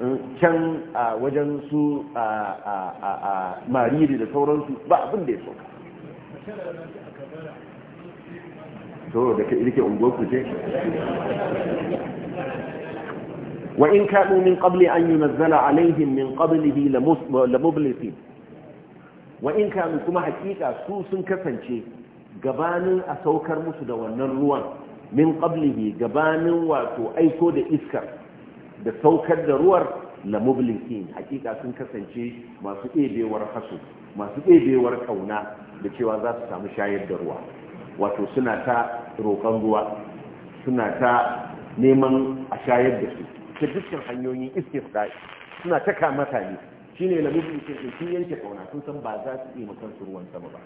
mm, can a wajen su a mariri da sauransu ba abin da ya so to da ke rike unguwar ku ce wa in kaɗu min qabli an yunzala alaihim min qablihi lamublisin wa in kuma hakika su sun kasance gabanin a saukar musu da wannan ruwan min qablihi gabanin wato aiko da iskar da saukar da ruwar la mublisin hakika sun kasance masu ɗebewar hasu masu ɗebewar kauna da cewa za su samu shayar da ruwa wato suna ta roƙon ruwa suna ta neman a shayar da su ta dukkan hanyoyin iskar suna ta kama ne shine na bi ce sun yanke kauna sun san ba za su iya makan ruwan sama ba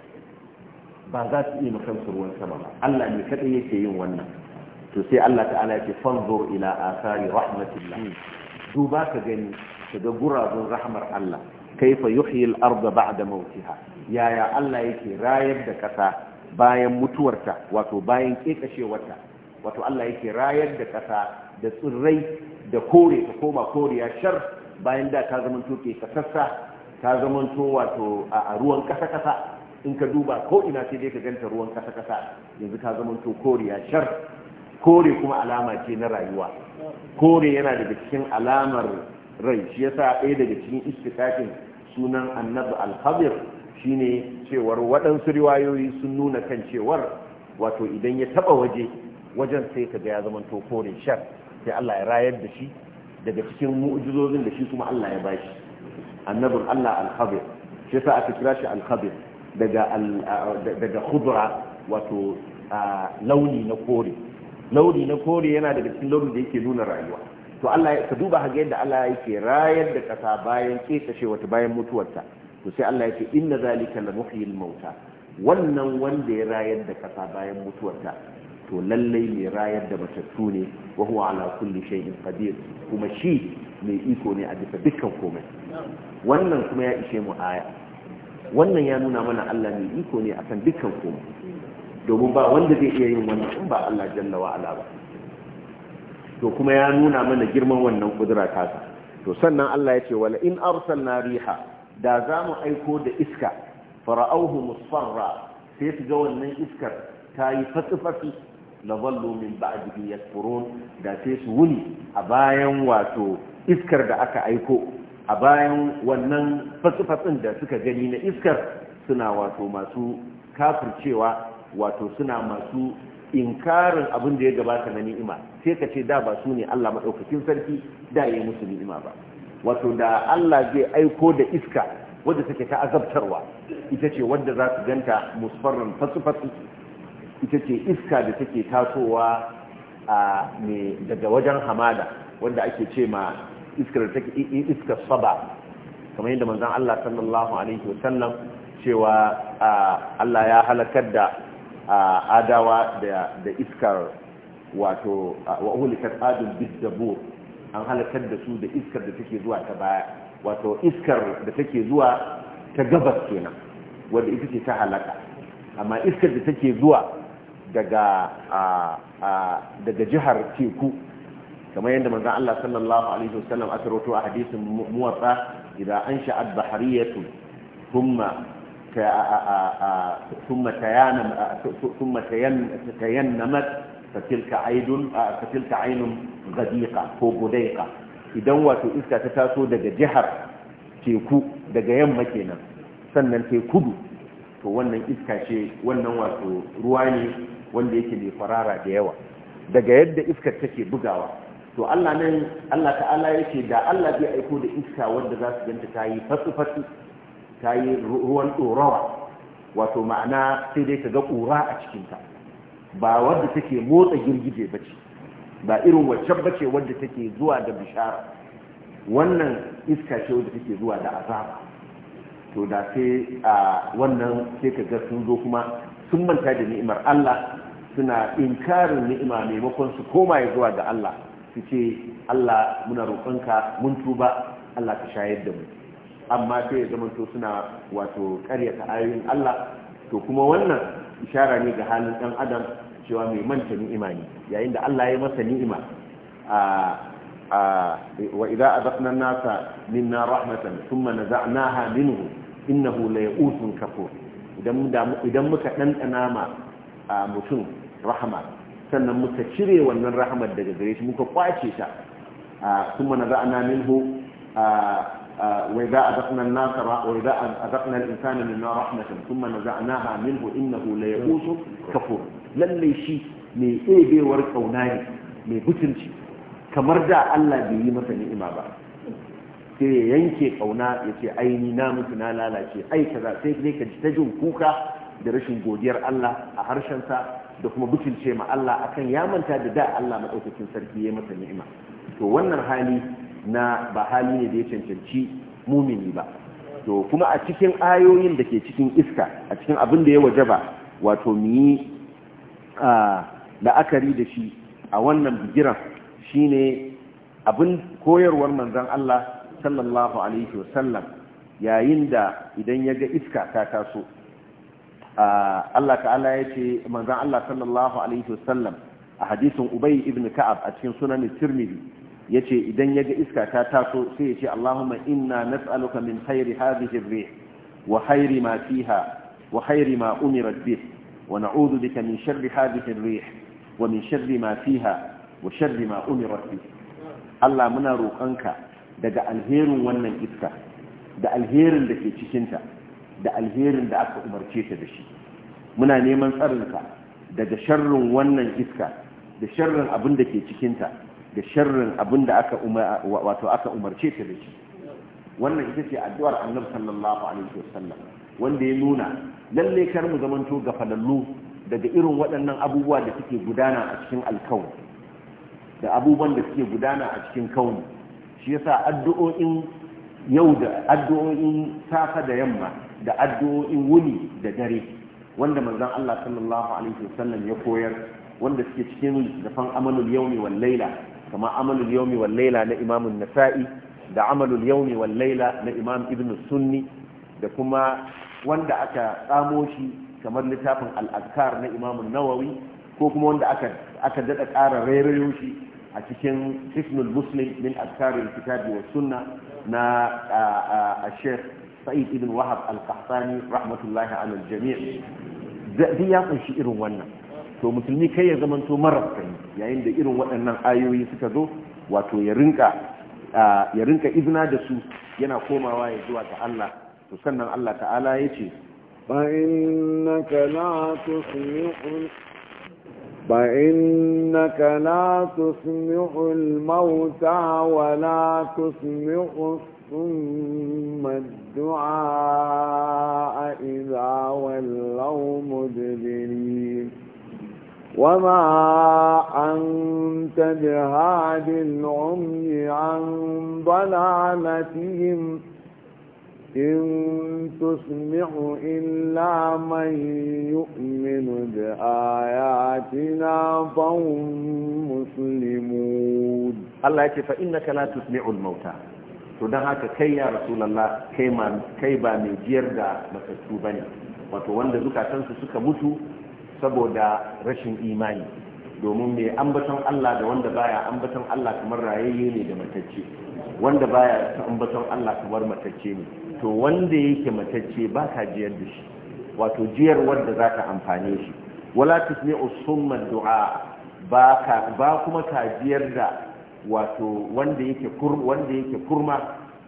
ba za su iya makan ruwan sama ba Allah ne kadai yake yin wannan to sai Allah ta'ala yake fanzur ila asari rahmatillah duba ka gani ka ga gurabun rahmar Allah kaifa yuhyi al-ardha ba'da mawtiha yaya Allah yake rayar da kasa bayan mutuwarta wato bayan kekashewarta wato Allah yake rayar da ƙasa da tsirrai da kore ta koma koriya shar bayan da ka zama to ka sassa ta zama to wato a ruwan kasa kasa in ka duba ko ina sai dai ka ganta ruwan kasa kasa yanzu ka zama to kore ya shar kore kuma alama ce na rayuwa kore yana daga cikin alamar rai shi yasa ɗaya daga cikin istikafin sunan annabi al-khabir shine cewar waɗansu riwayoyi sun nuna kan cewar wato idan ya taɓa waje wajen sai ka ga ya zama to kore shar sai Allah ya rayar da shi daga cikin mu'jizozin da shi kuma Allah ya bashi annabin Allah al-khabir shi yasa aka kira shi al-khabir daga daga khudra wato launi na kore launi na kore yana daga cikin launi da yake nuna rayuwa to Allah ka duba haka yadda Allah yake rayar da kasa bayan kekashe wata bayan mutuwarta to sai Allah yake inna zalika la muhyil mauta wannan wanda ya rayar da kasa bayan mutuwarta to lallai mai rayar da matattu ne wa huwa ala kulli shay'in qadir kuma shi mai iko ne a bisa dukkan komai wannan kuma ya ishe mu aya wannan ya nuna mana Allah mai iko ne akan dukkan komai domin ba wanda zai iya yin wannan in ba Allah jalla wa ala ba to kuma ya nuna mana girman wannan kudura tasa to sannan Allah ya ce wala in arsalna riha da za mu aiko da iska fara'auhu musfarra sai su ga wannan iskar ta yi fatsi-fatsi laballu min ba'dihi yakfurun da sai su wuni a bayan wato iskar da aka aiko a bayan wannan fatsufatsin da suka gani na iskar suna wato masu kafircewa wato suna masu inkarin abin da ya gabata na ni'ima sai ka ce da ba su ne Allah maɗaukakin sarki da ya yi musu ni'ima ba wato da Allah zai aiko da iska wadda take ta azabtarwa ita ce wadda za su ganta musfarran fasu ita ce iska da take tasowa a ne daga wajen hamada wanda ake ce ma iskar take iskar saba kamar yadda manzon Allah sallallahu alaihi wasallam cewa Allah ya halakar da adawa da iskar wato wa ulikat adun bidabur an halakar da su da iskar da take zuwa ta baya wato iskar da take zuwa ta gabas kenan wanda ita ce ta halaka amma iskar da take zuwa daga jihar teku kamar yadda manzan Allah sallallahu alaihi wasallam aka roto a hadisin muwatsa idan an sha'ad bahariyatu thumma sun matayan ثم تينمت فتلك عين ko budaiqa idan wato iska ta taso daga jihar teku daga yamma kenan sannan teku kudu to wannan iska ce wannan wato ruwa ne wanda yake mai farara da yawa daga yadda iskar take bugawa to Allah nan Allah ta'ala yake da Allah zai aiko da iska wanda za su ganta tayi yi fatsu-fatsu ta ruwan dorawa, wato ma'ana sai dai ka ga ƙura a cikinta ba wanda take motsa girgije ba ce ba irin wacce ba ce wanda take zuwa da bishara wannan iska ce wanda take zuwa da azaba to da sai a wannan sai ka ga sun zo kuma sun manta da ni'imar Allah suna inkarin ni'ima maimakon su koma ya zuwa ga Allah su ce Allah muna roƙonka mun tuba Allah ka shayar da mu amma sai ya zama to suna wato ƙaryata ayoyin Allah to kuma wannan ishara ne ga halin ɗan adam cewa mai manta ni'ima ne yayin da Allah ya masa ni'ima wa idza azaqna an-nasa minna rahmatan thumma naza'naha minhu innahu la ya'usun kafur idan muka ɗanɗana ma mutum rahama sannan muka cire wannan rahamar daga gare shi muka kwace ta kuma na za'ana minhu wai za a zaɓinan nasara wai za a zaɓinan insanin nuna rahmatan kuma na za'anaha minhu innahu la ya'usun kafur Lalle shi ne ɗebewar ƙauna ne mai butunci kamar da Allah bai yi masa ni'ima ba sai ya yanke kauna ya ce ai ni na mutu na lalace ai kaza sai dai ka ji ta jin kuka da rashin godiyar Allah a harshen sa da kuma butulce ma Allah akan ya manta da da Allah madaukakin sarki ya masa ni'ima to wannan hali na ba hali ne da ya cancanci mumini ba to kuma a cikin ayoyin da ke cikin iska a cikin abin da ya wajaba wato mu yi la'akari da shi a wannan bigiran shine abin koyarwar manzon Allah sallallahu alaihi wasallam yayin da idan ya ga iska ta taso Allah ta'ala ya ce manzan Allah sallallahu alaihi wasallam a hadisin Ubay ibn Ka'ab a cikin sunan Tirmidhi ce idan ya ga iska ta taso sai ya ce Allahumma inna nas'aluka min khairi hadhihi ar-rih wa khairi ma fiha wa khairi ma umirat bih wa na'udhu bika min sharri hadhihi ar-rih wa min sharri ma fiha wa sharri ma umirat bih Allah muna roƙonka daga alherin wannan iska da alherin da ke cikinta da alherin da aka umarce ta da shi muna neman tsarinka daga sharrin wannan iska da sharrin abin da ke cikinta da sharrin abin da aka wato aka umarce ta da shi wannan ita ce addu'ar annabi sallallahu alaihi wasallam wanda ya nuna lalle kar mu zamanto falallu daga irin waɗannan abubuwa da suke gudana a cikin alkawun da abubuwan da suke gudana a cikin kauni shi yasa addu'o'in yau da addu'o'in safa da yamma da addu'o'in wuni da dare wanda manzon Allah sallallahu alaihi wasallam ya koyar wanda suke cikin dafan amalul yawmi wal laila kamar amalul yawmi wal laila na Imam nasai da amalul yawmi wal laila na Imam Ibn Sunni da kuma wanda aka tsamo shi kamar littafin al-azkar na Imam Nawawi ko kuma wanda aka aka dada ƙara rairayo shi a cikin hisnul muslim min azkarin kitabi wa sunna na a sheikh sa'id ibn wahab al-qahtani rahmatullahi ala jami duk ya kunshi irin wannan to musulmi kai ya zama to marar yayin da irin waɗannan ayoyi suka zo wato ya rinka ya rinka izina da su yana komawa ya zuwa ga Allah to sannan Allah ta'ala ya ce fa innaka la tusmi'u فإنك لا تسمع الموتى ولا تسمع الصم الدعاء إذا ولوا مدبرين وما أنت بهاد العمي عن ضلالتهم إن تسمع إلا من يؤمن بآياتنا فهم مسلمون الله يكفى فإنك لا تسمع الموتى تدعى كي يا رسول الله كي, ما كي با مجير دا مسكتو بني وتواند تنسو سكا موتو سبو دا رشن إيماني domin mai ambaton Allah da wanda baya ambaton Allah kamar rayayye ne da matacce wanda baya ambaton Allah kamar matacce ne to wanda yake matacce ba ka jiyar da shi wato jiyar wanda za ka amfane shi wala tusmi usumma du'a ba ka ba kuma ka jiyar da wato wanda yake kur wanda yake kurma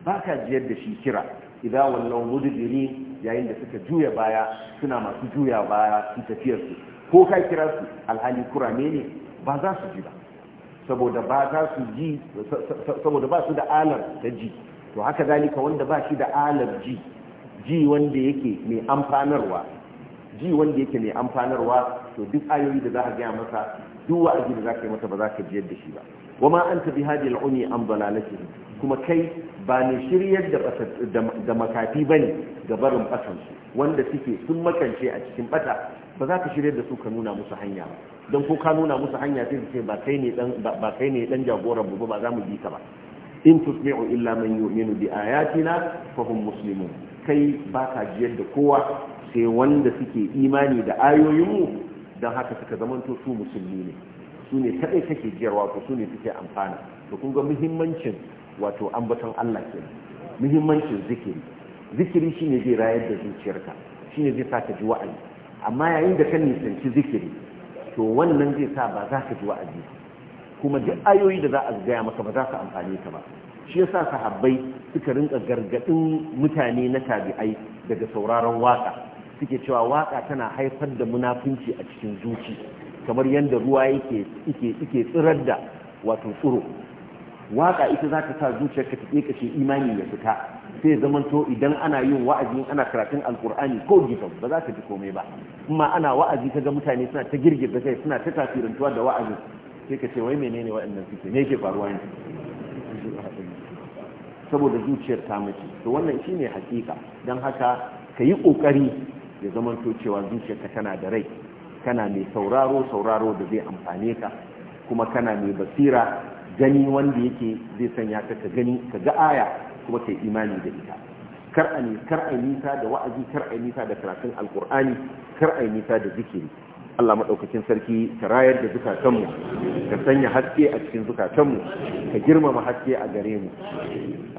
ba ka jiyar da shi kira idan wallan mudbiri yayin da suka juya baya suna masu juya baya su tafiyar su ko ka kira su alhali kurame ne ba za su ji ba saboda ba za su ji saboda ba su da alar ta ji to haka zalika wanda ba shi da alar ji ji wanda yake mai amfanarwa ji wanda yake mai amfanarwa to duk ayoyi da za ka gaya masa duk wa'azi da za ka yi masa ba za ka ji yadda shi ba wa ma anta bi hadi al-umi an dalalati kuma kai ba ne shiryar da da makafi bane ga barin bakan su wanda suke sun makance a cikin bata ba za ka shiryar da su ka nuna musu hanya ba don ko ka nuna musu hanya sai su ce ba kai ne dan ba kai ne dan jagoran mu ba za mu bi ka ba in tusmi'u illa man yu'minu bi ayatina fa hum muslimun kai baka jiyar da kowa sai wanda suke imani da ayoyinmu don haka suka zamanto su musulmi ne su ne kadai kake jiyarwa ko su ne suke amfana to kun ga muhimmancin wato ambaton Allah ke muhimmancin zikiri zikiri shine zai rayar da zuciyarka shine zai sa ka ji wa'azi amma yayin da ka nisanci zikiri to wannan zai sa ba za ka ji wa'azi kuma duk ayoyi da za a gaya maka ba za ka amfani ta ba shi yasa sahabbai suka rinka gargadin mutane na tabi'ai daga sauraron waka suke cewa waka tana haifar da munafunci a cikin zuci kamar yadda ruwa yake yake tsirar da wato tsiro waka ita za ta sa zuciyar ka ta kace imani ya fita sai zamanto idan ana yin wa'azi ana karatun alkur'ani ko gidan ba za ka ji komai ba kuma ana wa'azi kaga mutane suna ta girgiza kai suna ta tafirantuwa da wa'azi sai ka ce wai menene waɗannan suke ne ke faruwa ne saboda zuciyar ta mace to wannan shi ne hakika don haka ka yi ƙoƙari ya zamanto cewa ka, tana da rai kana mai sauraro sauraro da zai amfane ka kuma kana mai basira gani wanda yake zai sanya ka ka gani ka ga aya kuma ka yi imani da ita kar a nisa da wa'azi kar a nisa da karatun alkur'ani kar a nisa da zikiri Allah maɗaukacin sarki ka rayar da zukatanmu ka sanya haske a cikin zukatanmu ka girmama haske a gare mu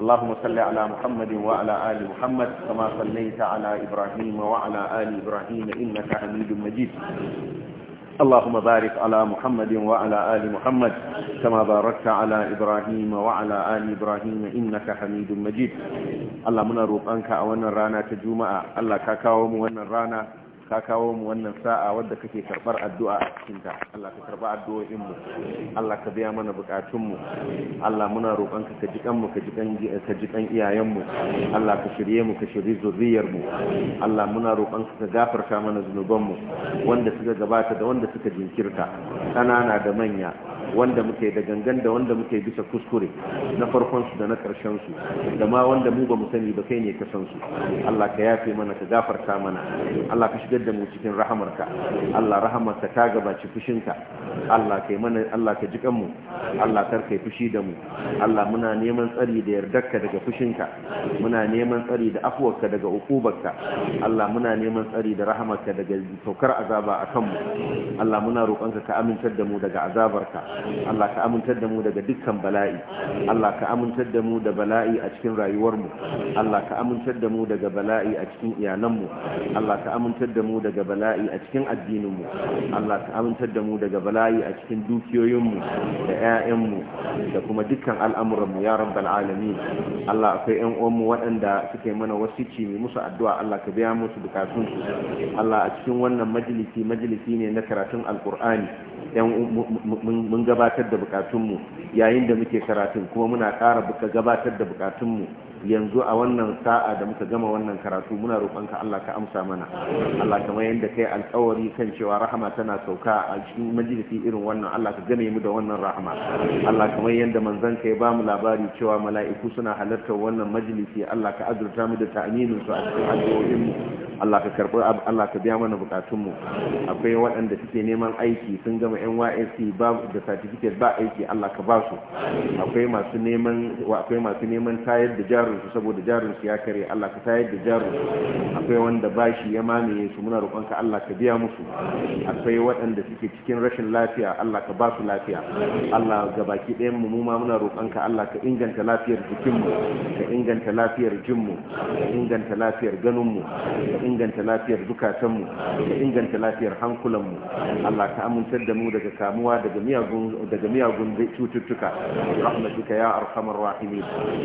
Allahumma salli ala Muhammadin wa ala ali Muhammad kama sallaita ala Ibrahim wa ala ali Ibrahim innaka Hamidum Majid اللهم بارك على محمد وعلى آل محمد كما باركت على إبراهيم وعلى آل إبراهيم إنك حميد مجيد اللهم نروب أنك أولا رانا تجومع الله كاكاوم wannan rana. ka kawo mu wannan sa'a wadda kake karbar addu'a a cikinta Allah ka karba addu'o'in mu Allah ka biya mana bukatun mu Allah muna roƙon ka ka kan mu ka ji ka kan iyayen mu Allah ka shirye mu ka shirye zuriyar mu Allah muna roƙon ka ka gafarta mana zunuban mu wanda suka gabata da wanda suka jinkirta Ƙanana da manya wanda muke da gangan da wanda muke bisa kuskure na farkon su da na karshen su da ma wanda mu ba mu sani ba kai ne ka san su Allah ka yafe mana ka gafarta mana Allah ka shigar da mu cikin rahamarka Allah rahamarka ta gabaci fushinka Allah kai mana Allah ka ji mu Allah kar kai fushi da mu Allah muna neman tsari da yardarka daga fushinka muna neman tsari da afuwarka daga ukubarka Allah muna neman tsari da rahamarka daga saukar azaba akan mu Allah muna roƙonka ka amintar da mu daga azabarka Allah ka amintar da mu daga dukkan bala'i Allah ka amintar da mu da bala'i a cikin rayuwarmu Allah ka amintar da mu daga bala'i a cikin iyalanmu Allah ka amintar da mu daga bala'i a cikin addininmu Allah ka amintar da mu daga bala'i a cikin dukiyoyinmu da 'ya'yanmu da kuma dukkan al'amuranmu ya rabbal alamin Allah akwai 'yan uwanmu waɗanda suke mana wasu ci mai musu addu'a Allah ka biya musu bukatunsu Allah a cikin wannan majalisi majalisi ne na karatun alkur'ani mun gabatar da bukatunmu yayin da muke karatun kuma muna ƙara gabatar da bukatunmu yanzu a wannan sa'a da muka gama wannan karatu muna roƙonka Allah ka amsa mana Allah kamar yadda kai alƙawari kan cewa rahama tana sauka a cikin majalisi irin wannan Allah ka gane mu da wannan rahama Allah kamar yadda manzon kai ba mu labari cewa mala'iku suna halartar wannan majalisi Allah ka azurta mu da ta'aminin su a cikin addu'o'in mu Allah ka karɓi Allah ka biya mana bukatun mu akwai waɗanda suke neman aiki sun gama NYSC ba da certificate ba aiki Allah ka ba su akwai masu neman akwai tayar da jaru jarinsu saboda jarinsu ya kare Allah ka tayar da jarinsu akwai wanda bashi ya mamaye su muna roƙonka Allah ka biya musu akwai waɗanda suke cikin rashin lafiya Allah ka ba su lafiya Allah ga baki ɗayan mu ma muna roƙonka Allah ka inganta lafiyar jikinmu ka inganta lafiyar jinmu ka inganta lafiyar ganinmu ka inganta lafiyar zukatanmu ka inganta lafiyar hankulanmu Allah ka amintar da mu daga kamuwa daga miyagun daga miyagun cututtuka rahmatuka ya arhamar rahimin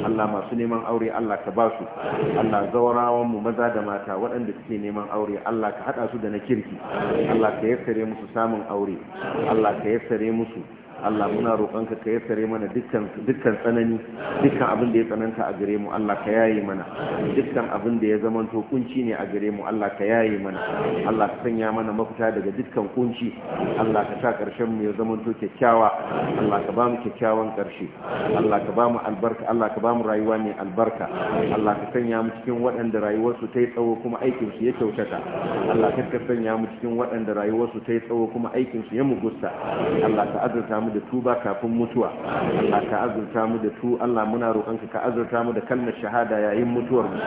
Allah masu neman aure Allah ka ba su Allah zawarawan mu maza da mata waɗanda suke neman aure Allah ka haɗa su da na kirki Allah ka yassare musu samun aure Allah ka yassare musu Allah muna roƙonka ka yassare mana dukkan tsanani dukkan abin da ya tsananta a gare mu Allah ka yaye mana dukkan abin da ya to kunci ne a gare mu Allah ka yaye mana Allah ka sanya mana mafita daga dukkan kunci Allah ka sa ƙarshen mu ya to kyakkyawa Allah ka ba mu kyakkyawan ƙarshe Allah ka ba mu albarka Allah ka ba mu rayuwa mai albarka Allah ka sanya mu cikin waɗanda rayuwarsu ta yi tsawo kuma aikinsu ya kyautata Allah ka sanya mu cikin waɗanda rayuwarsu ta yi tsawo kuma aikinsu ya mugusta Allah ka azurta mu mu da tuba kafin mutuwa ka azurta mu da tu Allah muna roƙonka ka azurta mu da kalmar shahada yayin mutuwar mu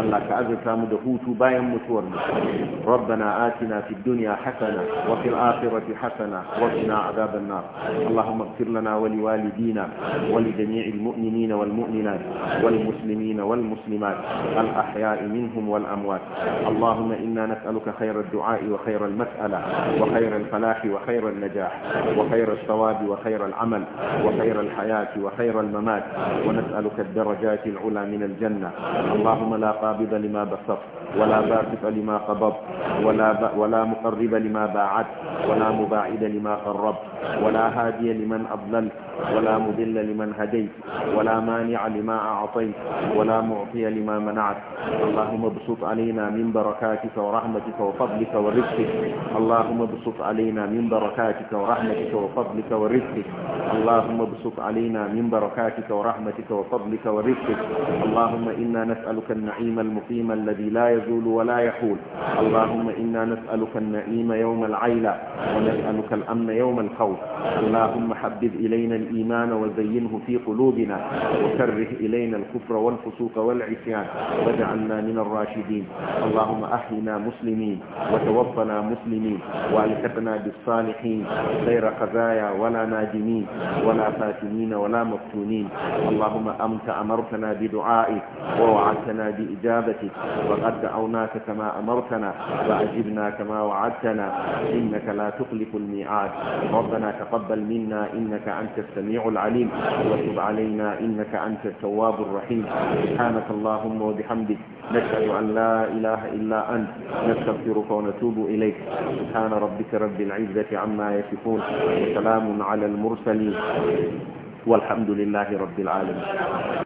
Allah ka azurta mu da hutu bayan mutuwar mu ربنا آتنا في الدنيا حسنة وفي الآخرة حسنة وقنا عذاب النار اللهم اغفر لنا ولوالدينا ولجميع المؤمنين والمؤمنات والمسلمين والمسلمات الأحياء منهم والأموات اللهم إنا نسألك خير الدعاء وخير المسألة وخير الفلاح وخير النجاح وخير الثواب وخير العمل وخير الحياة وخير الممات ونسألك الدرجات العلى من الجنة اللهم لا قابض لما بسطت ولا باسط لما قبضت ولا, ولا مقرب لما باعدت ولا مباعد لما قرب ولا هادي لمن أضللت ولا مذل لمن هديت ولا مانع لما أعطيت ولا معطي لما منعت اللهم ابسط علينا من بركاتك ورحمتك وفضلك ورزقك اللهم ابسط علينا من بركاتك ورحمتك وفضلك ورزقك ورزقك اللهم ابسط علينا من بركاتك ورحمتك وفضلك ورزقك اللهم إنا نسألك النعيم المقيم الذي لا يزول ولا يحول اللهم إنا نسألك النعيم يوم العيلة ونسألك الأمن يوم الخوف اللهم حبب إلينا الإيمان وزينه في قلوبنا وكره إلينا الكفر والفسوق والعصيان واجعلنا من الراشدين اللهم أحينا مسلمين وتوفنا مسلمين وألحقنا بالصالحين غير خزايا ولا نادمين ولا فاتنين ولا مفتونين اللهم أنت أمرتنا بدعائك ووعدتنا بإجابتك وقد دعوناك كما أمرتنا وأجبنا كما وعدتنا إنك لا تخلف الميعاد ربنا تقبل منا إنك أنت السميع العليم وتب علينا إنك أنت التواب الرحيم سبحانك اللهم وبحمدك نشهد أن لا إله إلا أنت نستغفرك ونتوب إليك سبحان ربك رب العزة عما يصفون وسلام وعلى المرسلين والحمد لله رب العالمين